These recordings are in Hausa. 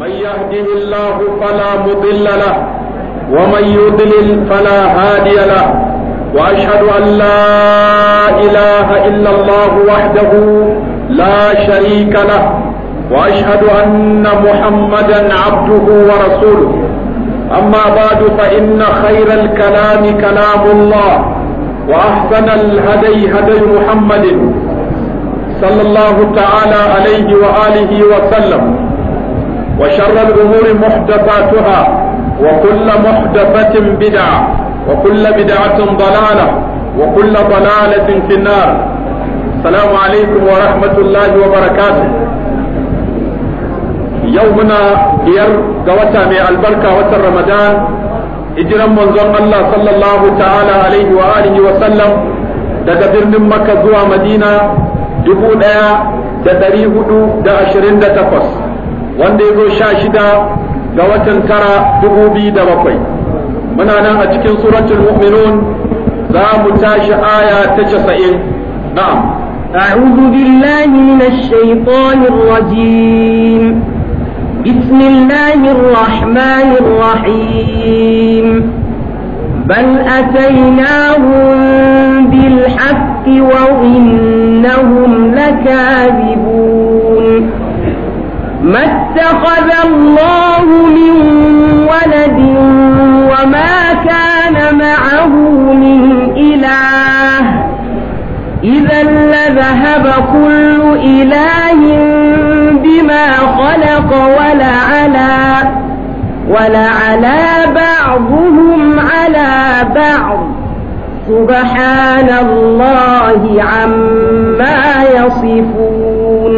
من يهده الله فلا مضل له ومن يضلل فلا هادي له واشهد ان لا اله الا الله وحده لا شريك له واشهد ان محمدا عبده ورسوله اما بعد فان خير الكلام كلام الله واحسن الهدي هدي محمد صلى الله تعالى عليه وآله وسلم وشر الأمور محدثاتها وكل محدثة بدعة وكل بدعة ضلالة وكل ضلالة في النار السلام عليكم ورحمة الله وبركاته يومنا بير قوتا من البركة وتر رمضان hijiran manzon Allah sallallahu ta'ala alaihi wa alihi wa sallam daga birnin Makka zuwa Madina dubu ɗaya da ɗari hudu da ashirin da takwas wanda ya zo sha shida ga watan tara dubu biyu da bakwai muna nan a cikin suratul mu'minun za mu tashi aya ta casa'in na'am أعوذ بالله من الشيطان الرجيم بسم الله الرحمن الرحيم بل أتيناهم بالحق وإنهم لكاذبون ما اتخذ الله من ولد وما كان معه من إله إذا لذهب كل إله بما خلق ولا على سبحان الله عما يصفون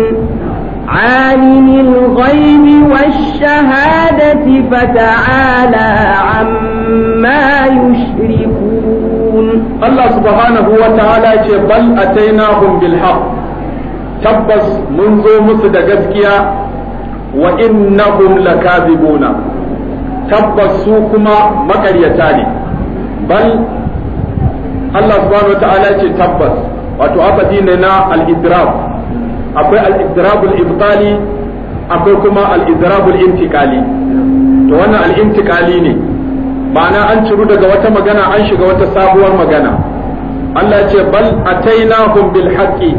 عالم الغيب والشهادة فتعالى عما يشركون الله سبحانه وتعالى بل أتيناهم بالحق تبس منذ مسد جزكيا وإنهم لكاذبون تبس سوكما مكريتاني بل Allah subhanahu wataala ce tabbas wato abadi ne na al-idrab akwai al-idrabul ibtali akwai kuma al-idrabul intiqali to wannan al-intiqali ne ma'ana an ciru daga wata magana an shiga wata sabuwar magana Allah ce bal atainahum bil haqqi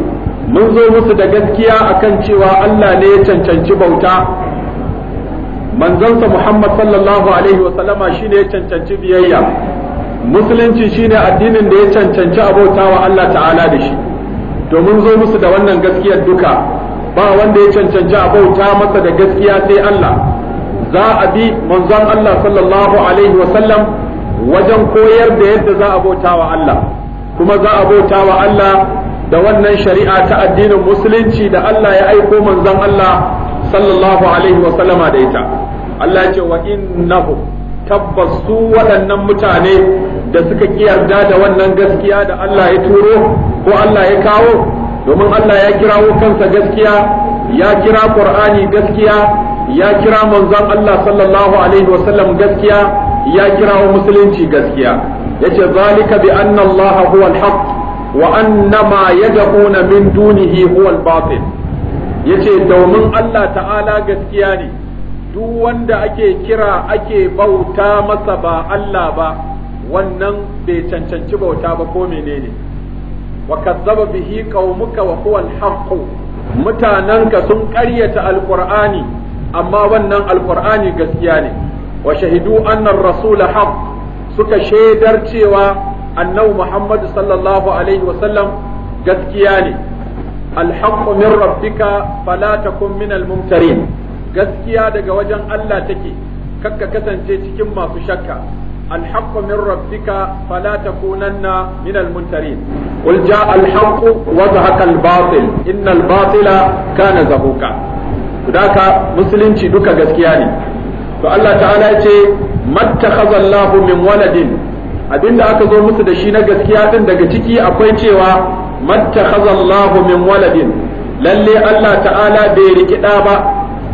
mun zo musu da gaskiya akan cewa Allah ne ya cancanci bauta manzansa Muhammad sallallahu alaihi wa sallama shine ya cancanci biyayya musulunci shine addinin da ya cancanci wa Allah ta'ala da shi domin zo musu da wannan gaskiyar duka ba wanda ya cancanci abauta masa da gaskiya sai Allah za a bi manzon Allah sallallahu alaihi wa sallam wajen koyar da yadda za a bautawa Allah kuma za a bautawa Allah da wannan shari'a ta addinin musulunci da Allah ya aiko manzon Allah sallallahu alaihi wa sallama da ita Allah ya ce wa innahu tabbas su waɗannan mutane da suka kiyarda da wannan gaskiya da Allah ya turo ko Allah ya kawo domin Allah ya kirawo kansa gaskiya ya kira Qur'ani gaskiya ya kira manzon Allah sallallahu alaihi wasallam gaskiya ya kirawo musulunci gaskiya yace zalika bi anna Allah huwa al-haq wa anna ma min dunihi huwa al-batil yace domin Allah ta'ala gaskiya ne duk wanda ake kira ake bauta masa ba Allah ba wannan bai cancanci bauta ba ko menene wa kazzaba bihi qaumuka wa huwa al-haqq mutananka sun karyata alqur'ani amma wannan alqur'ani gaskiya ne wa shahidu anna ar-rasula haqq suka shaidar cewa annabi Muhammad sallallahu alaihi wa sallam gaskiya ne الحق من ربك فلا تكن من الممترين gaskiya daga wajen Allah take ka kasance cikin masu shakka الحق من ربك فلا تكونن من المنترين قل جاء الحق وزهق الباطل إن الباطل كان زهوكا ذاك مسلم duka gaskiya ne to Allah ta'ala ya ce mattakhadha Allahu min waladin abinda aka zo musu da shi na gaskiya din daga ciki akwai cewa mattakhadha Allahu min waladin Lallai Allah ta'ala bai riki da ba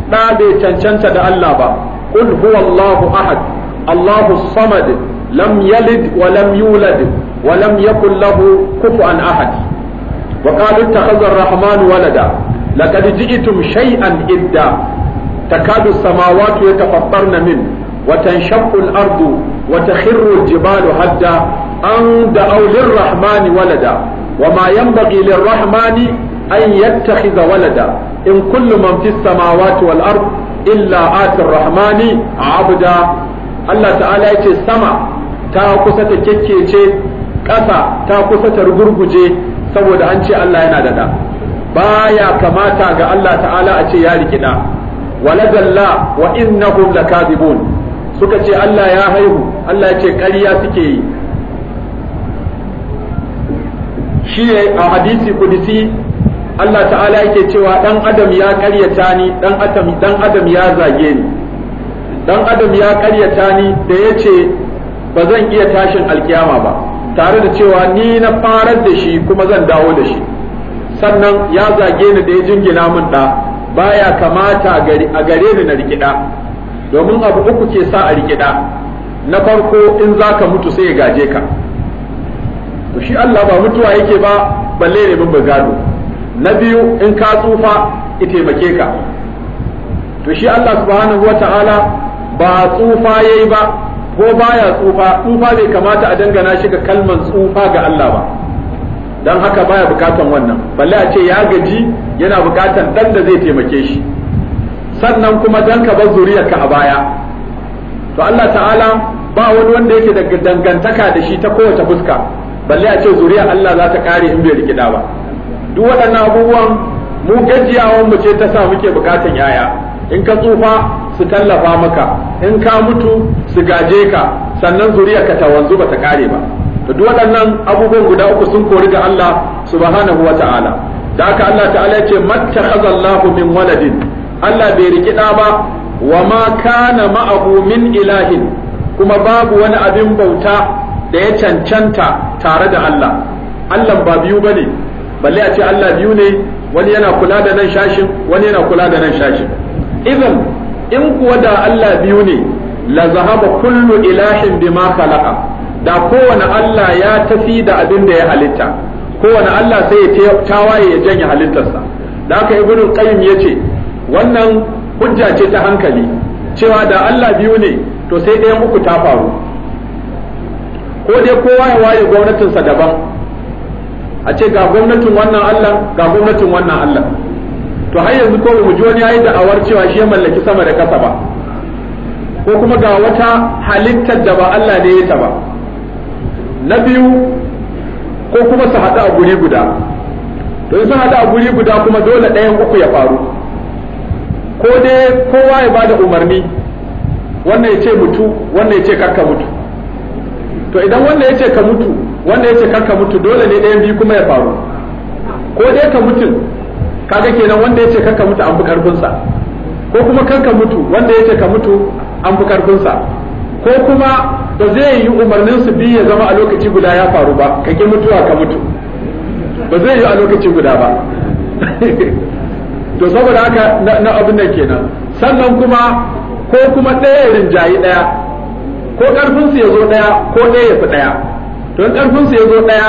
ɗa bai cancanta da Allah ba qul huwallahu ahad Allahu samad lam yalid wa lam yulad wa lam yakul lahu an ahad wa qalu ittakhadha ar-rahman walada laqad ji'tum shay'an idda takadu as-samawati yatafattarna min Watan tanshaqqu ardu wa takhirru al-jibalu hadda an da'aw lir-rahmani walada wa ma yanbaghi lir-rahmani an yattakhidha walada in kullu man fis samawati wal ard illa ati ar-rahmani Allah ta'ala ya ce sama ta kusa ta kekkece ƙasa ta kusa ta rugurguje saboda an ce Allah yana da da baya kamata ga Allah ta'ala a ce ya rikida waladalla wa innahum lakazibun suka ce Allah ya haihu Allah ya ce ƙarya suke yi shi a hadisi kudisi Allah ta'ala yake cewa dan adam ya ƙaryata ni dan adam dan adam ya zage ni dan adam ya karyata ni da ya ce ba zan iya tashin alkiyama ba tare da cewa ni na farar da shi kuma zan dawo da shi sannan ya zage ni da ya jingina min da baya kamata a gare ni na rikida domin abu uku ke sa a rikida na farko in za ka mutu sai ya gaje ka to shi Allah ba mutuwa yake ba balle ne bin gado na biyu in ka tsufa ya taimake ka to shi Allah subhanahu wata'ala ba tsufa yayi ba ko baya tsufa tsufa bai kamata a dangana shi ga kalman tsufa ga Allah ba dan haka baya bukatan wannan balle a ce ya gaji yana bukatan dan da zai taimake shi sannan kuma dan ka bar ka a baya to Allah ta'ala ba wani wanda yake daga dangantaka da shi ta kowace fuska balle a ce zuriyar Allah za ta kare in bai rikida ba duk waɗannan abubuwan mu gajiyawan mu ce ta sa muke bukatan yaya in ka tsufa su tallafa maka in ka mutu su gaje ka sannan zuriya ka ta wanzu ba ta kare ba to duk waɗannan abubuwan guda uku sun kori ga Allah subhanahu wa ta'ala da haka Allah ta'ala ya ce matta Allahu min waladin Allah bai riki da ba wa ma kana ma'ahu min ilahin kuma babu wani abin bauta da ya cancanta tare da Allah Allah ba biyu bane balle a ce Allah biyu ne wani yana kula da nan shashin wani yana kula da nan shashin idan in kuwa da Allah biyu ne la zahaba kullu ilahin bima khalaqa da kowane Allah ya tafi da abin da ya halitta kowane Allah sai ya tawaye ya janye halittarsa da aka ibnu qayyim yace wannan hujja ce ta hankali cewa da Allah biyu ne to sai ɗayan uku ta faru ko dai kowa ya waye gwamnatinsa daban a ce ga gwamnatin wannan Allah ga gwamnatin wannan Allah to har yanzu ko mu ji wani yayi da'awar cewa shi ya mallaki sama da kasa ba ko kuma ga wata halittar da ba Allah ne ya ta ba na biyu ko kuma su haɗu a guri guda to sun haɗu a guri guda kuma dole ɗayan uku ya faru ko dai kowa ya bada umarni wannan ya ce mutu wannan ya ce karka mutu to idan wannan ya ce ka mutu wannan ya ce karka mutu dole ne ɗayan biyu kuma ya faru ko dai ka mutu kaga kenan wanda yace kanka mutu an bi karfin ko kuma kanka mutu wanda yace ka mutu an bi karfin ko kuma ba zai yi umarnin su bi ya zama a lokaci guda ya faru ba ka ki mutuwa ka mutu ba zai yi a lokaci guda ba to saboda haka na abin nan kenan sannan kuma ko kuma ɗaya ya rinjayi ɗaya ko ƙarfin su ya zo ɗaya ko ɗaya ya fi ɗaya to ƙarfin su ya zo ɗaya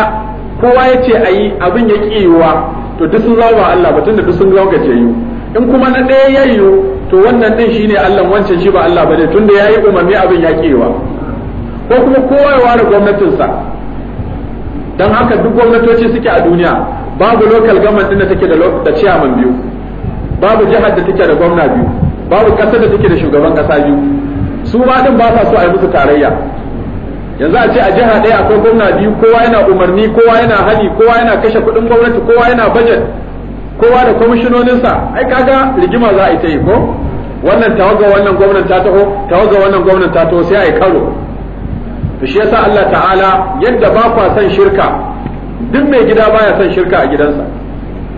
kowa ya ce a yi abin ya ƙi yiwuwa to duk sun zama ba Allah ba tunda duk sun zama yi. in kuma na ɗaya ya yiwu to wannan din shine Allah wancan shi ba Allah bane tunda ya yi umarni abin ya kewa ko kuma kowa ya ware gwamnatinsa dan haka duk gwamnatoci suke a duniya babu local government din da take da chairman biyu babu jihar da take da gwamna biyu babu kasar da take da shugaban ƙasa biyu su ma din ba sa so a yi musu tarayya yanzu a ce a jiha ɗaya akwai gwamna biyu kowa yana umarni kowa yana hali kowa yana kashe kuɗin gwamnati kowa yana bajet kowa da kwamishinoninsa ai kaga rigima za a yi ta yi ko wannan tawaga wannan gwamnan ta taho tawaga wannan gwamnan ta taho sai a yi karo to shi yasa Allah ta'ala yadda ba kwa son shirka duk mai gida baya son shirka a gidansa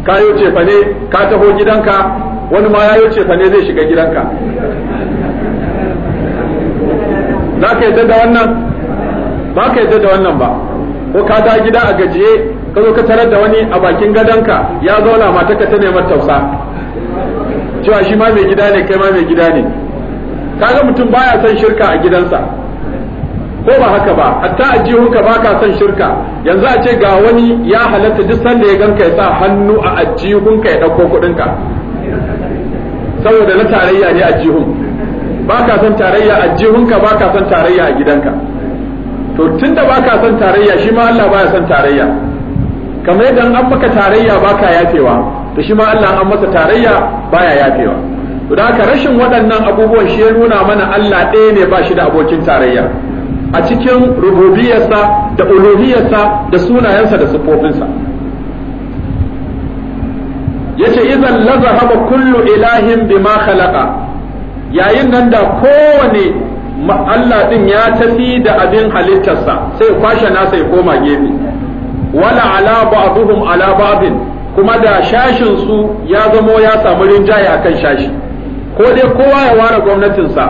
ka ce fa ne ka taho gidanka wani ma ya ce fa ne zai shiga gidanka za ka yadda da wannan ba ka yadda da wannan ba ko ka da gida a gajiye ka zo ka tarar da wani a bakin gadonka ya zauna matarka ta neman tausa cewa shi ma mai gida ne kai ma mai gida ne kaga mutum baya son shirka a gidansa ko ba haka ba hatta a ajihunka ba ka son shirka yanzu a ce ga wani ya halatta duk sanda ya ganka ya sa hannu a ajihunka ya ɗauko kuɗinka saboda na tarayya ne ajihun ba ka son tarayya ajihunka ba ka son tarayya a gidanka to tunda baka son tarayya shi ma Allah baya son tarayya kamar yadda an maka tarayya baka yafewa to shi ma Allah an masa tarayya baya yafewa to da haka rashin waɗannan abubuwan shi ya nuna mana Allah ɗaya ne ba shi da abokin tarayya a cikin rububiyarsa da uluhiyarsa da sunayensa da siffofinsa yace idan lazahaba kullu ilahin bima khalaqa yayin nan da kowane Allah din ya tafi da abin halittarsa sai kwashe nasa ya koma gefe wala ala ba'dhum ala ba'din kuma da shashin su ya zamo ya samu rinjaye akan shashi ko dai kowa ya ware gwamnatinsa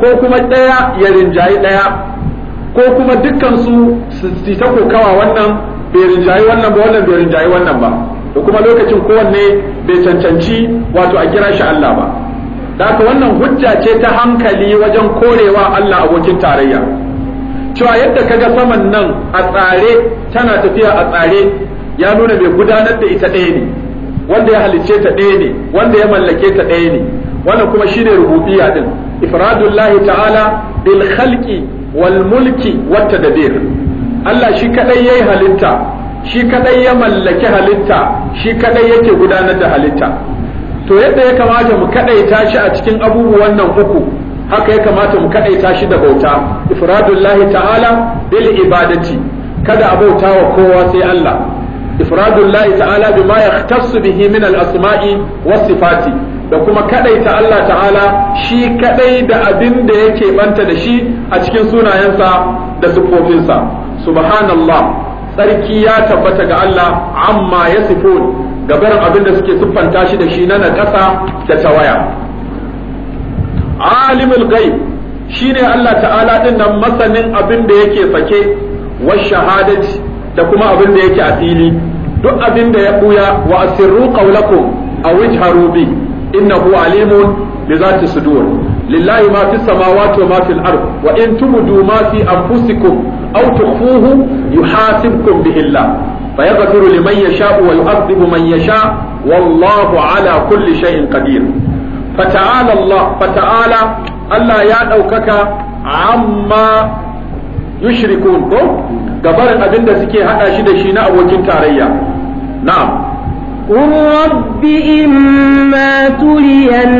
ko kuma ɗaya ya rinjaye ɗaya ko kuma dukkan su su ta kokawa wannan bai rinjayi wannan ba wannan bai rinjayi wannan ba da kuma lokacin kowanne bai cancanci wato a kira shi Allah ba da wannan hujja ce ta hankali wajen korewa Allah abokin tarayya cewa yadda kaga saman nan a tsare tana tafiya a tsare ya nuna mai gudanar da ita ɗaya ne wanda ya halicce ta ɗaya ne wanda ya mallake ta ɗaya ne wannan kuma shine rububiyya din ifradullahi ta'ala bil khalqi wal mulki wat tadbir Allah shi kadai yayi halitta shi kadai ya mallaki halitta shi kadai yake gudanar da halitta to yadda ya kamata mu kadaita shi a cikin abubuwan nan uku haka ya kamata mu kadaita shi da bauta ifradullahi ta'ala bil ibadati kada a bauta wa kowa sai Allah ifradullahi ta'ala bima yahtassu bihi min al asma'i was sifati da kuma kadaita Allah ta'ala shi kadai da abin da yake banta da shi a cikin sunayensa da sifofinsa subhanallah tsarki ya tabbata ga Allah amma ya sifoni gabar abin da suke siffanta shi da shi na naƙasa da ta tawaya alimul shi shine Allah ta'ala din nan masanin abin da yake sake wa shahadati da kuma abin da yake a fili duk abin da ya buya wa asirru qawlakum aw ijharu bi innahu alimun bi zati sudur lillahi ma fi samawati wa ma fil ard wa in tubdu ma fi anfusikum aw tukhfuhu yuhasibkum bihi Allah fayaghfiru liman yasha'u wa yu'adhibu man yasha wallahu ala kulli shay'in qadir fata'ala Allah Allah ya ɗaukaka amma yushrikun ko gabarin abinda suke hada shi da shi na abokin tarayya na'am قل رب إما ترين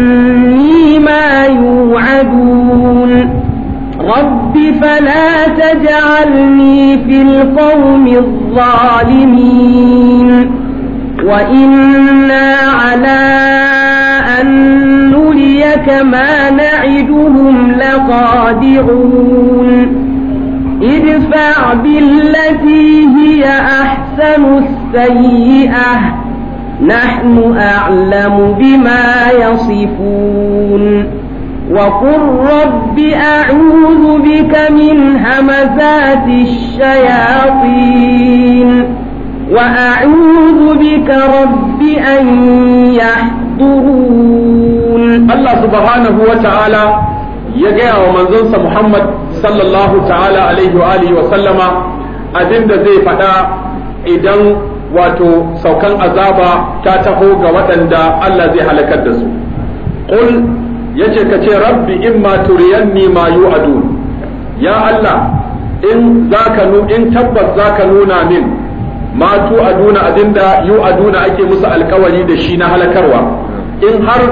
فلا تجعلني في القوم الظالمين وإنا على أن نريك ما نعدهم لقادرون ادفع بالتي هي أحسن السيئة نحن أعلم بما يصفون وقل رب أعوذ بك من همزات الشياطين وأعوذ بك رب أن يحضرون الله سبحانه وتعالى يجاء ومنزلس محمد صلى الله تعالى عليه وآله وسلم أدن ذي فدا إذن wato saukan azaba ta taho ga waɗanda Allah zai halakar da su qul yace ka ce rabbi imma turiyanni ma yu'adun ya Allah in zaka nu in tabbas zaka nuna min ma tu aduna abinda yu'aduna ake musu alkawari da shi na halakarwa in har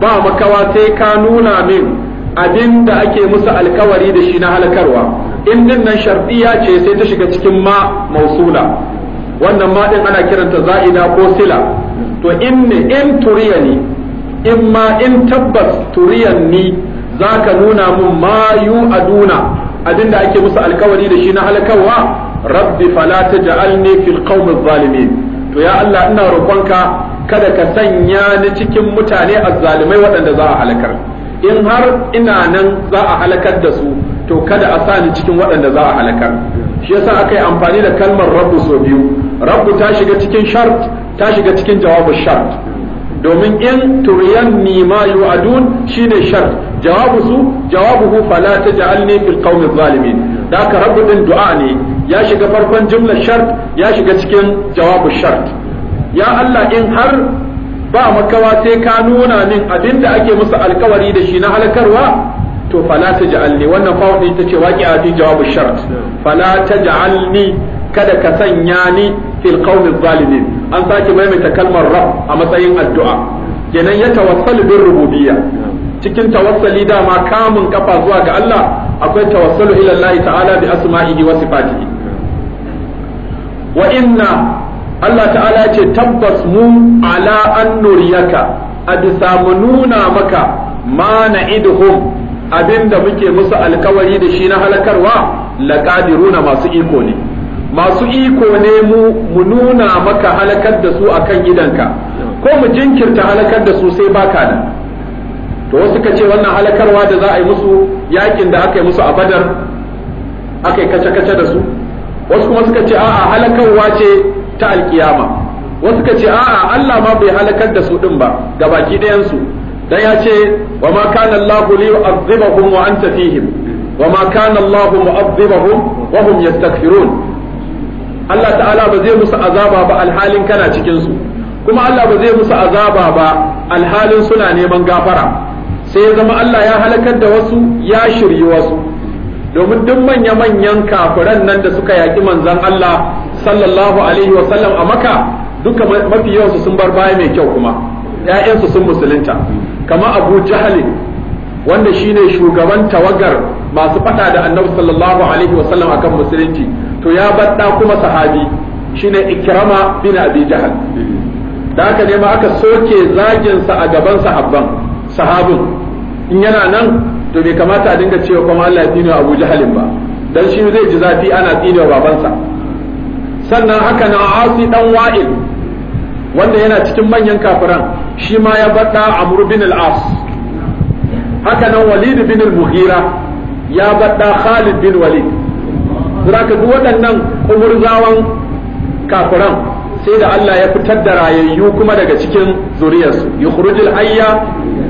ba makawa sai ka nuna min abin ake musu alkawari da shi na halakarwa in din nan shardiya ce sai ta shiga cikin ma mausula wannan ma din ana kiranta za'ida ko sila to in ne in turiyani in ma in tabbas turiyan ni za ka nuna mun ma yu aduna abinda ake musu alkawari da shi na halakawa rabbi fala taj'alni fil qawmi zalimin to ya Allah ina roƙonka kada ka sanya ni cikin mutane azzalimai waɗanda za a halakar in har ina nan za a halakar da su to kada a sa ni cikin waɗanda za a halakar shi yasa aka yi amfani da kalmar rabbu so biyu rabbu ta shiga cikin shart ta shiga cikin jawabin shart domin in turiyan ni ma shi shine shart jawabu su hu, fala taj'alni fil qawmi zalimin da ka rabu din du'a ne ya shiga farkon jumlar shart ya shiga cikin jawabu shart ya Allah in har ba makawa sai ka nuna min abinda ake musu alkawari da shi na halakarwa to fala ne. wannan fa ta ce waqi'a fi jawabu shart fala taj'alni kada ka sanya ni fil qawmi zalimin an sake maimaita kalmar rab a matsayin addu'a kenan ya tawassalu bin rububiyya cikin tawassali dama kamun kafa zuwa ga Allah akwai tawassalu ila Allah ta'ala bi asma'ihi wa sifatihi wa inna Allah ta'ala ce tabbas mu ala an nuriyaka a bisa mu nuna maka ma na'iduhum abinda muke musu alkawari da shi na halakarwa laqadiruna masu iko ne masu iko ne mu nuna maka halakar da su akan gidanka ko mu jinkirta halakar da su sai baka da? to wasu ka ce wannan halakarwa da za a yi musu yakin da aka yi musu a badar aka yi kace-kace da su wasu kuma suka ce a'a halakarwa ce ta alkiyama wasu ka ce a'a Allah ma bai halakar da su din ba ga baki ɗayan dan ya ce wa ma kana Allah li yu'adhibahum wa anta fihim wa ma kana Allah mu'adhibahum wa hum yastaghfirun Allah ta'ala ba zai musu azaba ba alhalin kana cikinsu kuma Allah ba zai musu azaba ba alhalin suna neman gafara sai ya zama Allah ya halakar da wasu ya shirye wasu domin duk manya-manyan kafiran nan da suka yaƙi manzon Allah sallallahu alaihi wa sallam a maka duka mafi yawansu sun bar baya mai kyau kuma ‘ya'yansu sun musulunta kamar abu jahali wanda shine shugaban tawagar masu fada da annabi sallallahu alaihi wasallam akan musulunci to ya badda kuma sahabi shine ikrama bin abi jahal da haka ne ma aka soke zagin sa a gaban sahabban sahabin in yana nan to bai kamata a dinga cewa kuma Allah ya tsine Abu Jahalin ba dan shi zai ji zafi ana tsine wa babansa sannan haka na Asi dan Wa'il wanda yana cikin manyan kafiran shi ma ya bada Amr bin al-As haka nan walid bin al-mughira ya badda khalid bin walid zaka duk waɗannan umurzawan kafiran sai da Allah ya fitar da rayayyu kuma daga cikin zuriyarsu yukhrujul hayya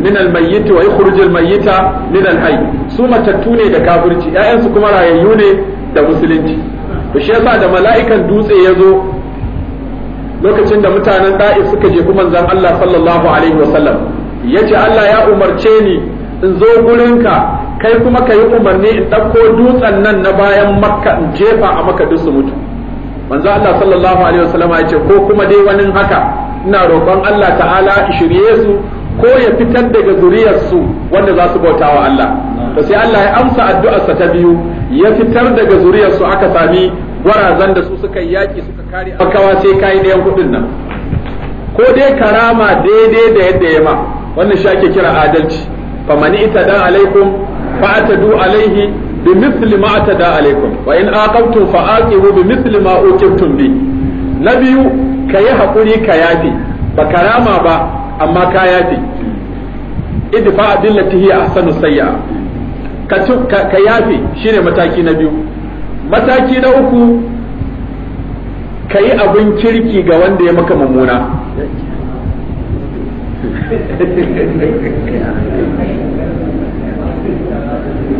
min al-mayyit wa yukhrujul mayyita min al-hayy su matattu ne da kafirci ƴaƴansu kuma rayayyu ne da musulunci to shi yasa da mala'ikan dutse ya zo lokacin da mutanen da'i suka je kuma manzon Allah sallallahu alaihi wa sallam yace Allah ya umarce ni in zo gurinka kai kuma ka yi umarni in ɗauko dutsen nan na bayan makka in jefa a maka duk su mutu manzo Allah sallallahu alaihi wasallam ya ce ko kuma dai wani haka ina roƙon Allah ta'ala shirye su ko ya fitar daga zuriyar su wanda za su bauta wa Allah to sai Allah ya amsa addu'ar sa ta biyu ya fitar daga zuriyar su aka sami gwarazan da su suka yaki suka kare akawa sai kai ne kudin nan ko dai karama daidai da yadda ya ma wannan shi ake kira adalci Fa mani ita da aleikum, fa'a ta du aleihi, bi misli ma'a ta da Wa ina akautun fa'a ke bi misli ma'aukentun bi? Na biyu hakuri ka yafe, ba ƙarama ba amma ka yafe. Ita fa abin littattafai a sanu Ka yafe, shi mataki na biyu. Mataki na uku ka abin kirki ga wanda ya maka mumuna.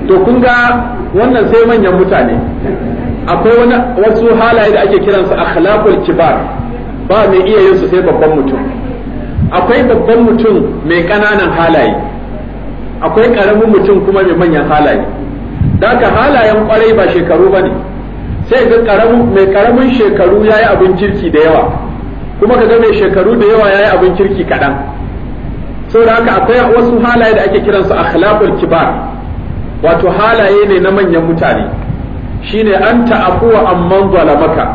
to kun ga wannan sai manyan mutane akwai wani wasu halaye da ake kiransu akhlaqul kibar ba mai iya yin su sai babban mutum akwai babban mutum mai ƙananan halaye akwai ƙaramin mutum kuma mai manyan halaye daga halayen kwarai ba shekaru bane sai ga karamin mai karamin shekaru yayi abin kirki da yawa kuma kaga mai shekaru da yawa yayi abin kirki kaɗan saboda haka akwai wasu halaye da ake kiransu akhlaqul kibar wato halaye ne na manyan mutane shine an ta'afuwa amman zalamaka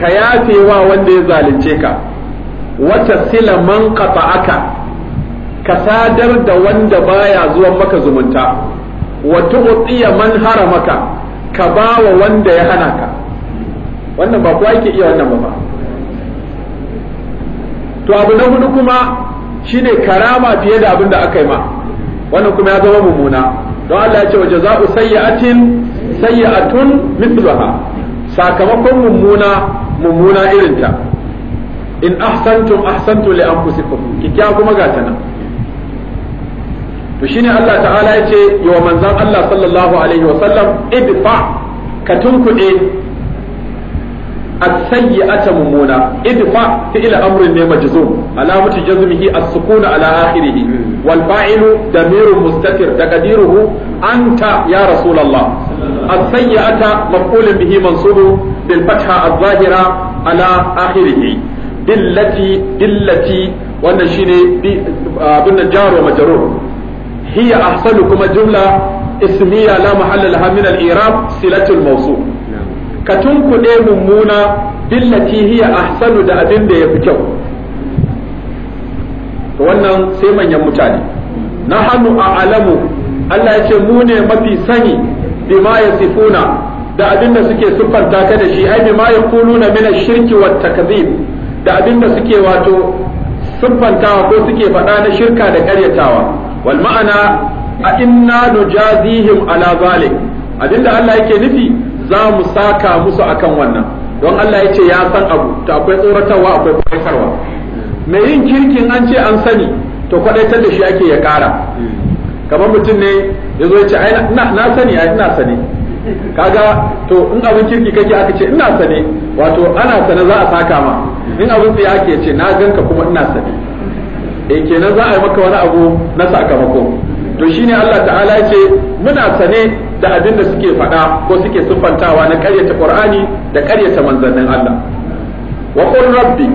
ka yafe wa wanda ya zalunce ka wata sila man qata'aka ka sadar da wanda baya zuwa maka zumunta wa tu'tiya man haramaka ka ba wa wanda ya hana ka wannan ba kowa yake iya wannan ba to abu na hudu kuma shine karama fiye da abin da aka yi ma wannan kuma ya zama mummuna don Allah ya ce wa jaza'u sayyi'atin sayyi'atun mithluha sakamakon mummuna mummuna irinta in ahsantum ahsantu li anfusikum kikya kuma ga ta nan to shine Allah ta'ala ya ce wa manzon Allah sallallahu alaihi wa sallam idfa ka as-sayyi'ata mumuna idfa fi'l amrin ne majzum alamatu jazmihi as-sukun ala akhirih wal fa'ilu da mustatir taqdiruhu anta ya rasulullah as-sayyi'ata maf'ulun bihi mansubun bil fatha az-zahira ala akhirih billati billati wannan shine abin da jaro majrur hiya ahsanu kuma jumla ismiya la mahalla laha min al-i'rab silatul mawsul ka tunkuɗe mummuna billati hiya ahsanu da abin da ya fi kyau to wannan sai manyan mutane na hannu a alamu Allah ya ce mu ne mafi sani ma ya sifuna da abin da suke siffanta ka da shi ai ma ya kuluna min shirki wa takzib da abin da suke wato siffantawa ko suke faɗa na shirka da karyatawa wal ma'ana a inna nujazihim ala zalik abinda Allah yake nufi za mu saka musu akan wannan don Allah ya ce ya san abu to akwai tsoratarwa akwai kwaikarwa mai yin kirkin an ce an sani to kwadaitar da shi ake ya kara kamar mutum ne ya zo ya ce ai na sani ai ina sani kaga to in abin kirki kake aka ce ina sani wato ana sani za a saka ma in abin tsaya ake ce na ganka kuma ina sani e eh, kenan za a yi maka wani abu na sakamako to shine Allah ta'ala ya ce muna sani. da abin da suke faɗa ko suke siffantawa na ƙaryata ƙur'ani da ƙaryata manzannin Allah wa qul rabbi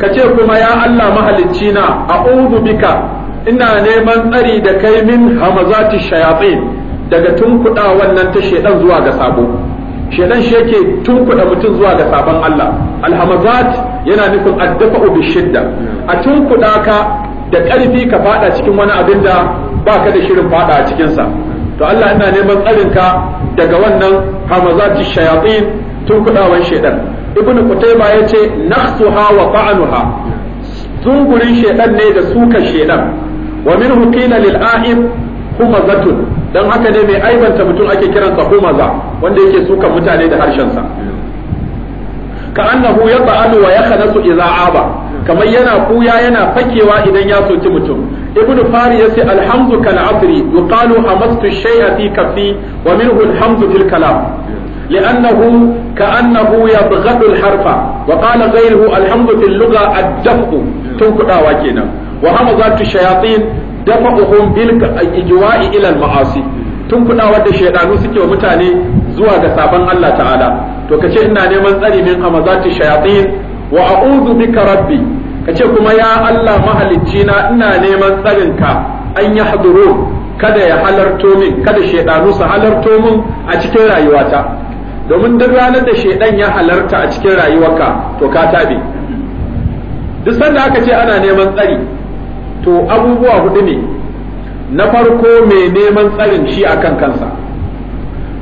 ce kuma ya Allah mahalicci na a'udhu bika ina neman tsari da kai min hamazati shayatin daga tunkuɗa wannan ta shaidan zuwa ga sabo Shaidan shi yake tunkuɗa mutum zuwa ga sabon Allah alhamazat yana nufin addafa'u bi shidda a tunkuɗa ka da ƙarfi ka faɗa cikin wani abin da baka da shirin faɗa a cikinsa to Allah ina neman tsarinka daga wannan hamazati shayatin tun kudawan shaidan ibnu qutayba yace nahsuha wa ta'anuha tungurin shaidan ne da suka shaidan wa minhu qila lil a'ib humazatun dan haka ne mai aibanta mutum ake kiransa humaza wanda yake sukan mutane da harshensa ka annahu yata'anu wa yakhnasu idza aba kamar yana kuya yana fakewa idan ya soki mutum ibn fari yace alhamdu kal asri yuqalu hamastu shay'a fi kaffi wa minhu alhamdu fil kalam لأنه كأنه يضغط الحرف وقال غيره الحمد في اللغة الدفع تنكدا وكينا وهمزات الشياطين دفعهم بالإجواء إلى المعاصي tunkuɗa wadda shaidanu suke wa mutane zuwa ga sabon Allah ta'ala to kace ina neman tsari min hamazati shayatin wa a'udhu bika rabbi kace kuma ya Allah mahalicci na ina neman tsarin ka an ya haduru kada ya halarto min kada shaidanu su halarto min a cikin rayuwata domin duk ranar da shaidan ya halarta a cikin rayuwarka to ka tabe duk sanda aka ce ana neman tsari to abubuwa hudu ne na farko mai neman tsarin shi akan kansa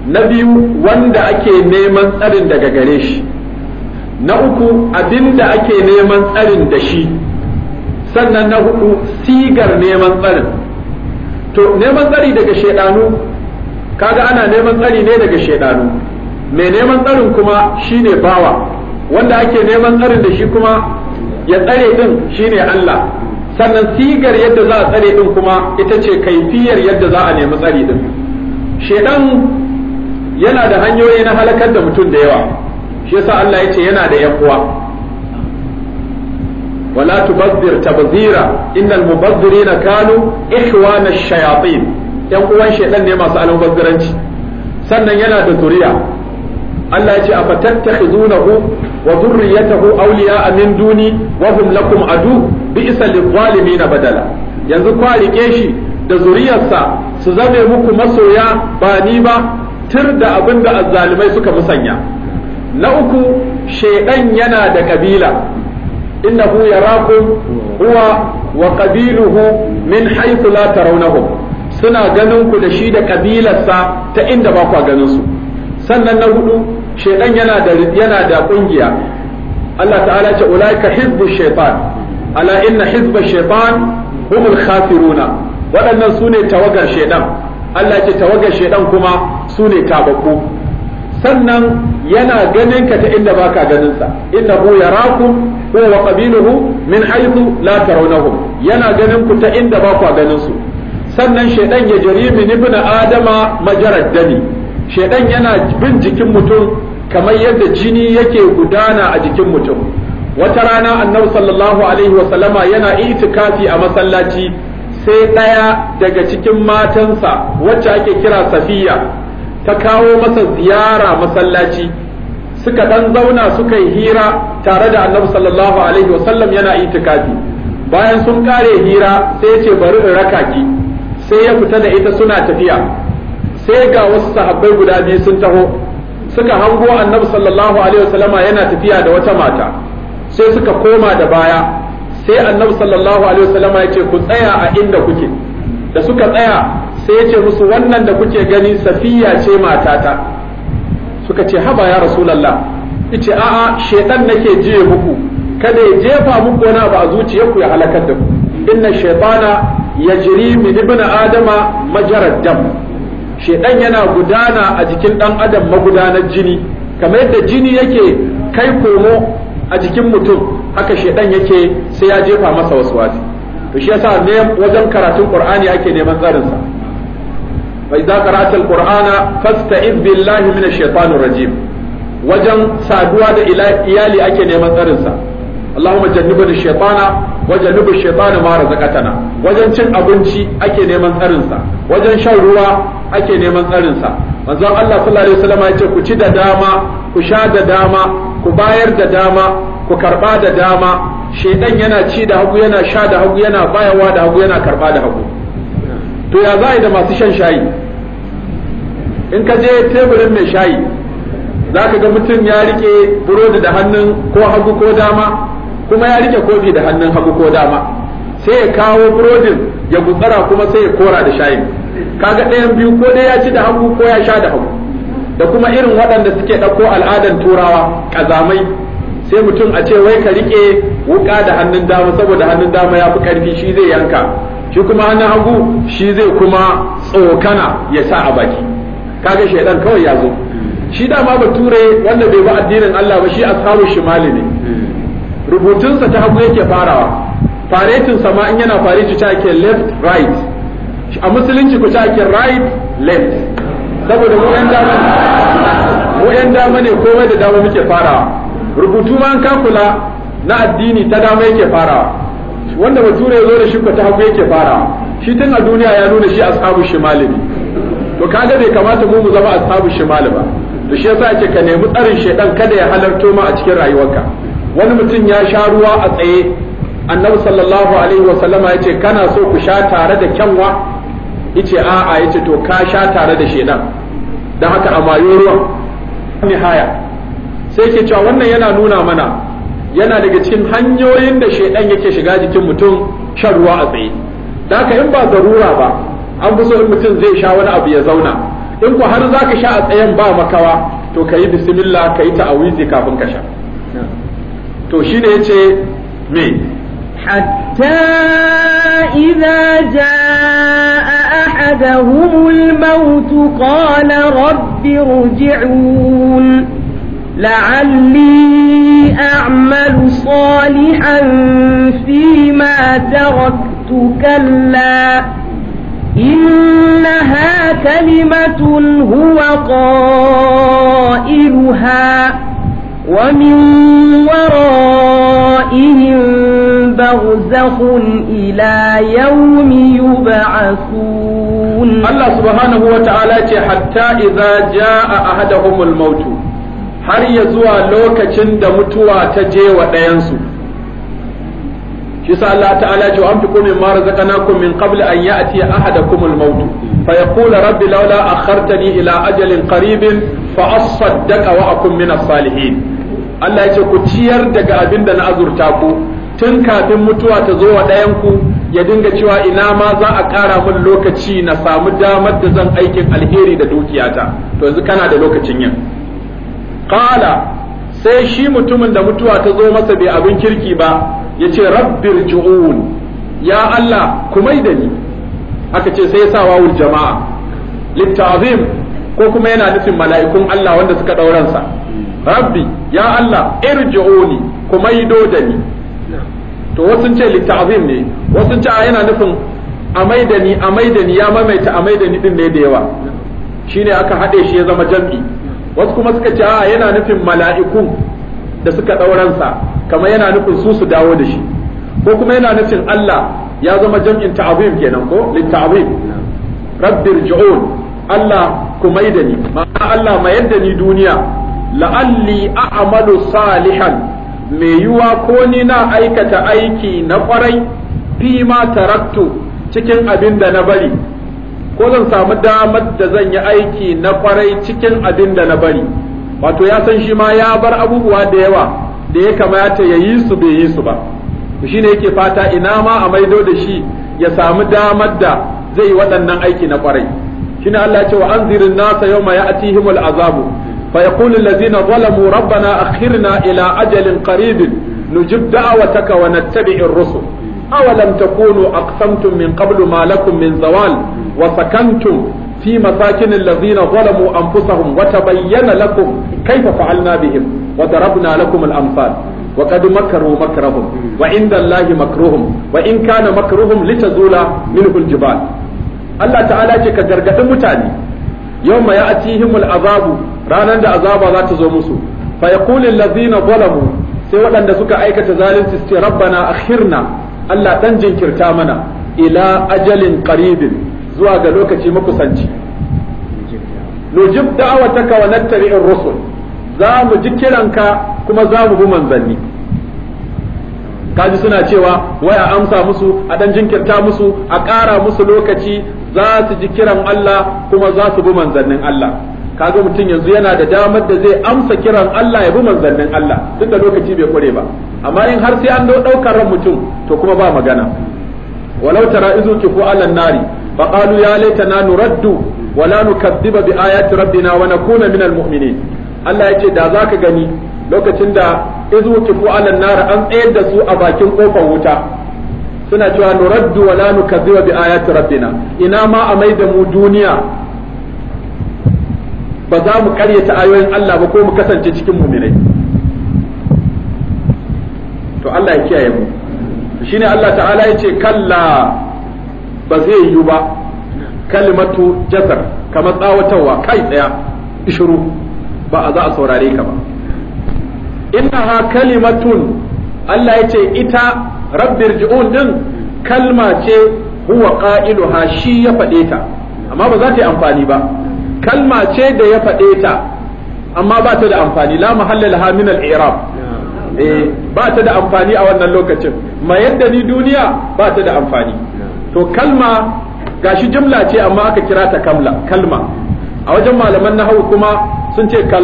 na biyu wanda ake neman tsarin daga gare shi na uku abinda ake neman tsarin da shi sannan na hudu sigar neman tsarin to neman tsari daga shaidanu kaga ana neman tsari ne daga shaidanu mai neman tsarin kuma shine bawa wanda ake neman tsarin da shi kuma ya tsare din shine Allah sannan sigar yadda za a tsare din kuma ita ce kaifiyar yadda za a nemi tsari din shaidan yana da hanyoyi na halakar da mutum da yawa shi yasa Allah ya ce yana da yan uwa wala tubazzir tabzira innal mubazzirina kanu ikhwana na shayatin yan uwan ne masu almubazziranci sannan yana da zuriya Allah yace ce afatattakhidunahu wa dhurriyyatahu awliya'a min duni wa hum lakum adu bi'sa na badala yanzu kwa rike shi da zuriyarsa su zame muku masoya ba ni ba tur da abinda da azzalimai suka musanya na uku shaidan yana da kabila innahu yarakum huwa wa qabiluhu min haythu la tarawnahum suna ganin ku da shi da kabilarsa ta inda ba ku ganin su sannan na hudu shaidan yana da yana da kungiya Allah ta'ala ce ulaika hizbu shaitan ala inna hizba shaitan humul khafiruna waɗannan su ne tawagar shaidan Allah ce tawagar shaidan kuma su ne tababbu sannan yana ganin ka ta inda baka ganin sa innahu yarakum huwa wa qabiluhu min haythu la tarawnahu yana ganin ku ta inda baka ganin su sannan shaidan ya jari min ibnu adama majarad dami shaidan yana bin jikin mutum kamar yadda jini yake gudana a jikin mutum wata rana annabi sallallahu alaihi wa sallama yana itikafi a masallaci sai ɗaya daga cikin matansa wacce ake kira safiya ta kawo masa ziyara masallaci suka dan zauna suka yi hira tare da annabi sallallahu alaihi sallam yana itikafi bayan sun kare hira sai ya ce bari in raka ki sai ya fita da ita suna tafiya sai ga wasu sahabbai guda biyu sun taho suka hango annabi sallallahu alaihi sallama yana tafiya da wata mata sai suka koma da baya sai annabi sallallahu alaihi sallama ya ce ku tsaya a inda kuke da suka tsaya sai ya ce musu wannan da kuke gani safiya ce matata suka ce haba ya rasulallah ce a'a shaiɗan nake jiye muku kada ya jefa muku wani abu a zuciyarku ya halakar da ku inna ya jiri min ibn adama majarar dam shaitan yana gudana a jikin dan adam magudanar jini kamar yadda jini yake kai komo a jikin mutum haka shaitan yake sai ya jefa masa wasu to shi yasa ne wajen karatun qur'ani ake neman tsarinsa sa fa idza qara'ta alqur'ana fasta'iz billahi minash rajim wajen saduwa da iyali ake neman tsarin sa Allahumma jannibna shaytana wa ma razaqatana wajen cin abinci ake neman tsarin sa wajen shan ruwa ake neman tsarin sa manzon Allah sallallahu alaihi wasallam ya ce ku ci da dama ku sha da dama ku bayar da dama ku karba da dama shaidan yana ci da hagu yana sha da hagu yana bayawa da hagu yana karba da hagu to ya za a yi da masu shan shayi in ka je teburin mai shayi za ka ga mutum ya rike burodi da hannun ko hagu ko dama kuma ya rike kofi da hannun hagu ko dama sai ya kawo burodin ya gutsara kuma sai ya kora da shayin kaga ɗayan biyu ko dai ya ci da hagu ko ya sha da hagu da kuma irin waɗanda suke ɗauko al'adan turawa ƙazamai sai mutum a ce wai ka rike wuka da hannun dama saboda hannun dama ya fi ƙarfi shi zai yanka shi kuma hannun hagu shi zai kuma tsokana ya sa a baki kaga shaidan kawai ya zo shi dama bature wanda bai ba addinin Allah ba shi ashabu shimali ne rubutunsa ta hagu yake farawa sa ma in yana fareti ta ake left right a musulunci ku ta ake right left saboda mu yan dama mu yan dama ne komai da dama muke farawa rubutu ma an kakula na addini ta dama yake farawa wanda bature ya zo da shi ta hagu yake farawa shi tun a duniya ya nuna shi ashabu shimali ne to kaga bai kamata mu mu zama ashabu shimal ba to shi yasa ake ka nemi tsarin shaidan kada ya halarto ma a cikin rayuwarka wani mutum ya sha ruwa a tsaye annabi sallallahu alaihi wa sallama yace kana so ku sha tare da kyanwa yace a'a yace to ka sha tare da shaidan dan haka a mayo ruwan nihaya sai ke cewa wannan yana nuna mana yana daga cikin hanyoyin da shaidan yake shiga jikin mutum shan ruwa a tsaye da haka in ba zarura ba an fi so in mutum zai sha wani abu ya zauna in ku har ka sha a tsayen ba makawa to kayi bismillah kayi ta'awizi kafin ka sha to shine yace me حتى إذا جاء أحدهم الموت قال رب ارجعون لعلي أعمل صالحا فيما تركت كلا إنها كلمة هو قائلها ومن ورائهم برزخ إلى يوم يبعثون الله سبحانه وتعالى حتى إذا جاء أحدهم الموت har ya zuwa lokacin da mutuwa ta je wa ɗayansu shi sa Allah ta'ala ce amfiku min ma razaqnakum min qabl an ya'ti ahadakum al-maut fa yaqulu rabbi laula akhartani ila ajalin qarib fa asaddaqa wa akun min as-salihin Allah ya ce ku ciyar daga abin da na azurta ku tun kafin mutuwa ta zo wa ɗayan ku ya dinga cewa ina ma za a ƙara min lokaci na samu damar da zan aikin alheri da dukiyata to yanzu kana da lokacin yin qala sai shi mutumin da mutuwa ta zo masa bai abin kirki ba Ya ce rabbir ju'un ya Allah mai da ni aka ce sai sa wawul jama'a litta'zim ko kuma yana nufin mala'ikun Allah wanda suka sa. rabbi ya Allah irji'uni do da ni to wasu ce litta'zim ne wasu ce yana nufin amai da ni amai da ni ya mamaita amai da ni din ne da yawa shine aka haɗe shi ya zama jam'i wasu kuma suka ce a yana nufin mala'ikun da suka ɗauransa kamar yana nufin su su dawo da shi ko kuma yana nufin Allah ya zama jam'in ta'zim kenan ko ta'zim rabbir ju'un Allah ku maida ni Allah ma yadda ni duniya la'alli a'malu salihan me yuwa ko ni na aikata aiki na kwarai fi ma taraktu cikin abin da na bari ko zan samu damar da zan yi aiki na kwarai cikin abin da na bari wato ya san shi ma ya bar abubuwa da yawa da ya kamata ya yi su bai yi su ba shi ne yake fata ina ma a maido da shi ya samu damar da zai yi waɗannan aiki na ƙwarai shi ne Allah ce wa anzirin nasa yau ma ya'atihimul azabu fa yaqulu allazina zalamu rabbana akhirna ila ajalin qaribin nujib da'awataka wa nattabi'ir rusul awalam takunu aqsamtum min qablu ma lakum min zawal wa sakantum fi masakin allazina zalamu anfusahum wa tabayyana lakum kayfa fa'alna bihim wa darabna na al-amsal wa qad makaru makrahum wa inda Allahi makruhum wa in kana makruhum litazula minhu al-jibal Allah ta'ala ce ka gargadi mutane Yau yawma ya'tihim al-azabu ranar da azaba zata zo musu fa yaqulu allazina zalamu sai waɗanda suka aikata zalunci suke ce rabbana akhirna Allah dan jinkirta mana ila ajalin qaribin zuwa ga lokaci makusanci nujib da'awataka wa nattabi'ir rusul za mu ji kiranka kuma za mu bi manzanni kaji suna cewa wai a amsa musu a dan jinkirta musu a ƙara musu lokaci za su ji kiran Allah kuma za su bi manzannin Allah kaga mutum yanzu yana da damar da zai amsa kiran Allah ya bi manzannin Allah duk da lokaci bai kure ba amma in har sai an ɗaukar ran mutum to kuma ba magana walau tara izu kifu alan nari fa qalu ya laitana nuraddu wala nukazziba bi ayati rabbina wa nakuna minal mu'minin Allah ya ce da za ka gani lokacin da izu kifu alan nar an tsayar da su a bakin kofar wuta suna cewa nuraddu wala la bi ayati rabbina ina ma a maida da mu duniya ba za mu karyata ayoyin Allah ba ko mu kasance cikin muminai to Allah ya kiyaye mu shine Allah ta'ala ya ce kalla ba zai yiwu ba kalimatu jasar kamar tsawatawa kai tsaya ishuru ba a za a saurare ka ba innaha kalimatun Allah ya ce ita rabbir ji'un din kalma ce huwa qailuha shi ya faɗe ta amma ba za ta yi amfani ba kalma ce da ya faɗe ta amma ba ta da amfani la mahalla laha min al-i'rab eh ba ta da amfani a wannan lokacin ma yadda ni duniya ba ta da amfani to kalma gashi jumla ce amma aka kira ta kalma a wajen malaman nahawu kuma sun ce na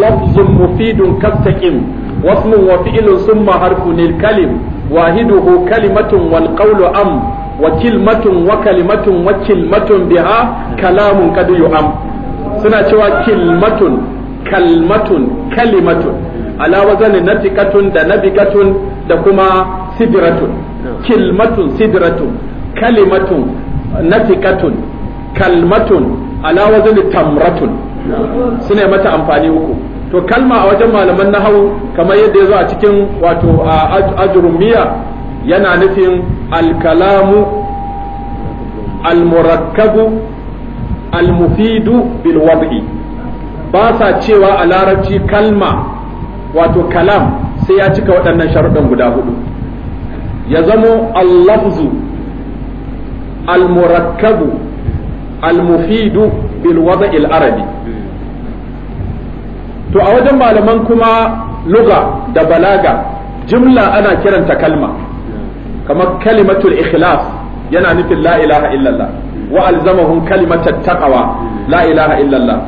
lafzun mufidun kastaqim wasmun wa fi'lun summa ne kalim wahiduhu kalimatun wal qawlu am wa kilmatun wa kalimatun wa kilmatun biha kalamun kad am suna cewa kilmatun kalmatun kalimatun ala wazan natikatun da nabikatun da kuma sidratun kilmatun sidratun kalimatun natikatun kalmatun ala wazn tamratun suna mata amfani uku to kalma a wajen malaman na hau kamar yadda ya zo a cikin wato ajrumiya yana nufin alkalamu almurakkabu almufidu bil wad'i ba sa cewa a larabci kalma wato kalam sai ya cika waɗannan sharuɗan guda hudu ya zamo allafzu almurakkabu al-mufidu bil wada'il arabi to a wajen malaman kuma luga da balaga jimla ana kiranta kalma kamar kalimatul ikhlas yana nufin la ilaha illallah wa alzamahum kalimatat taqwa la ilaha illallah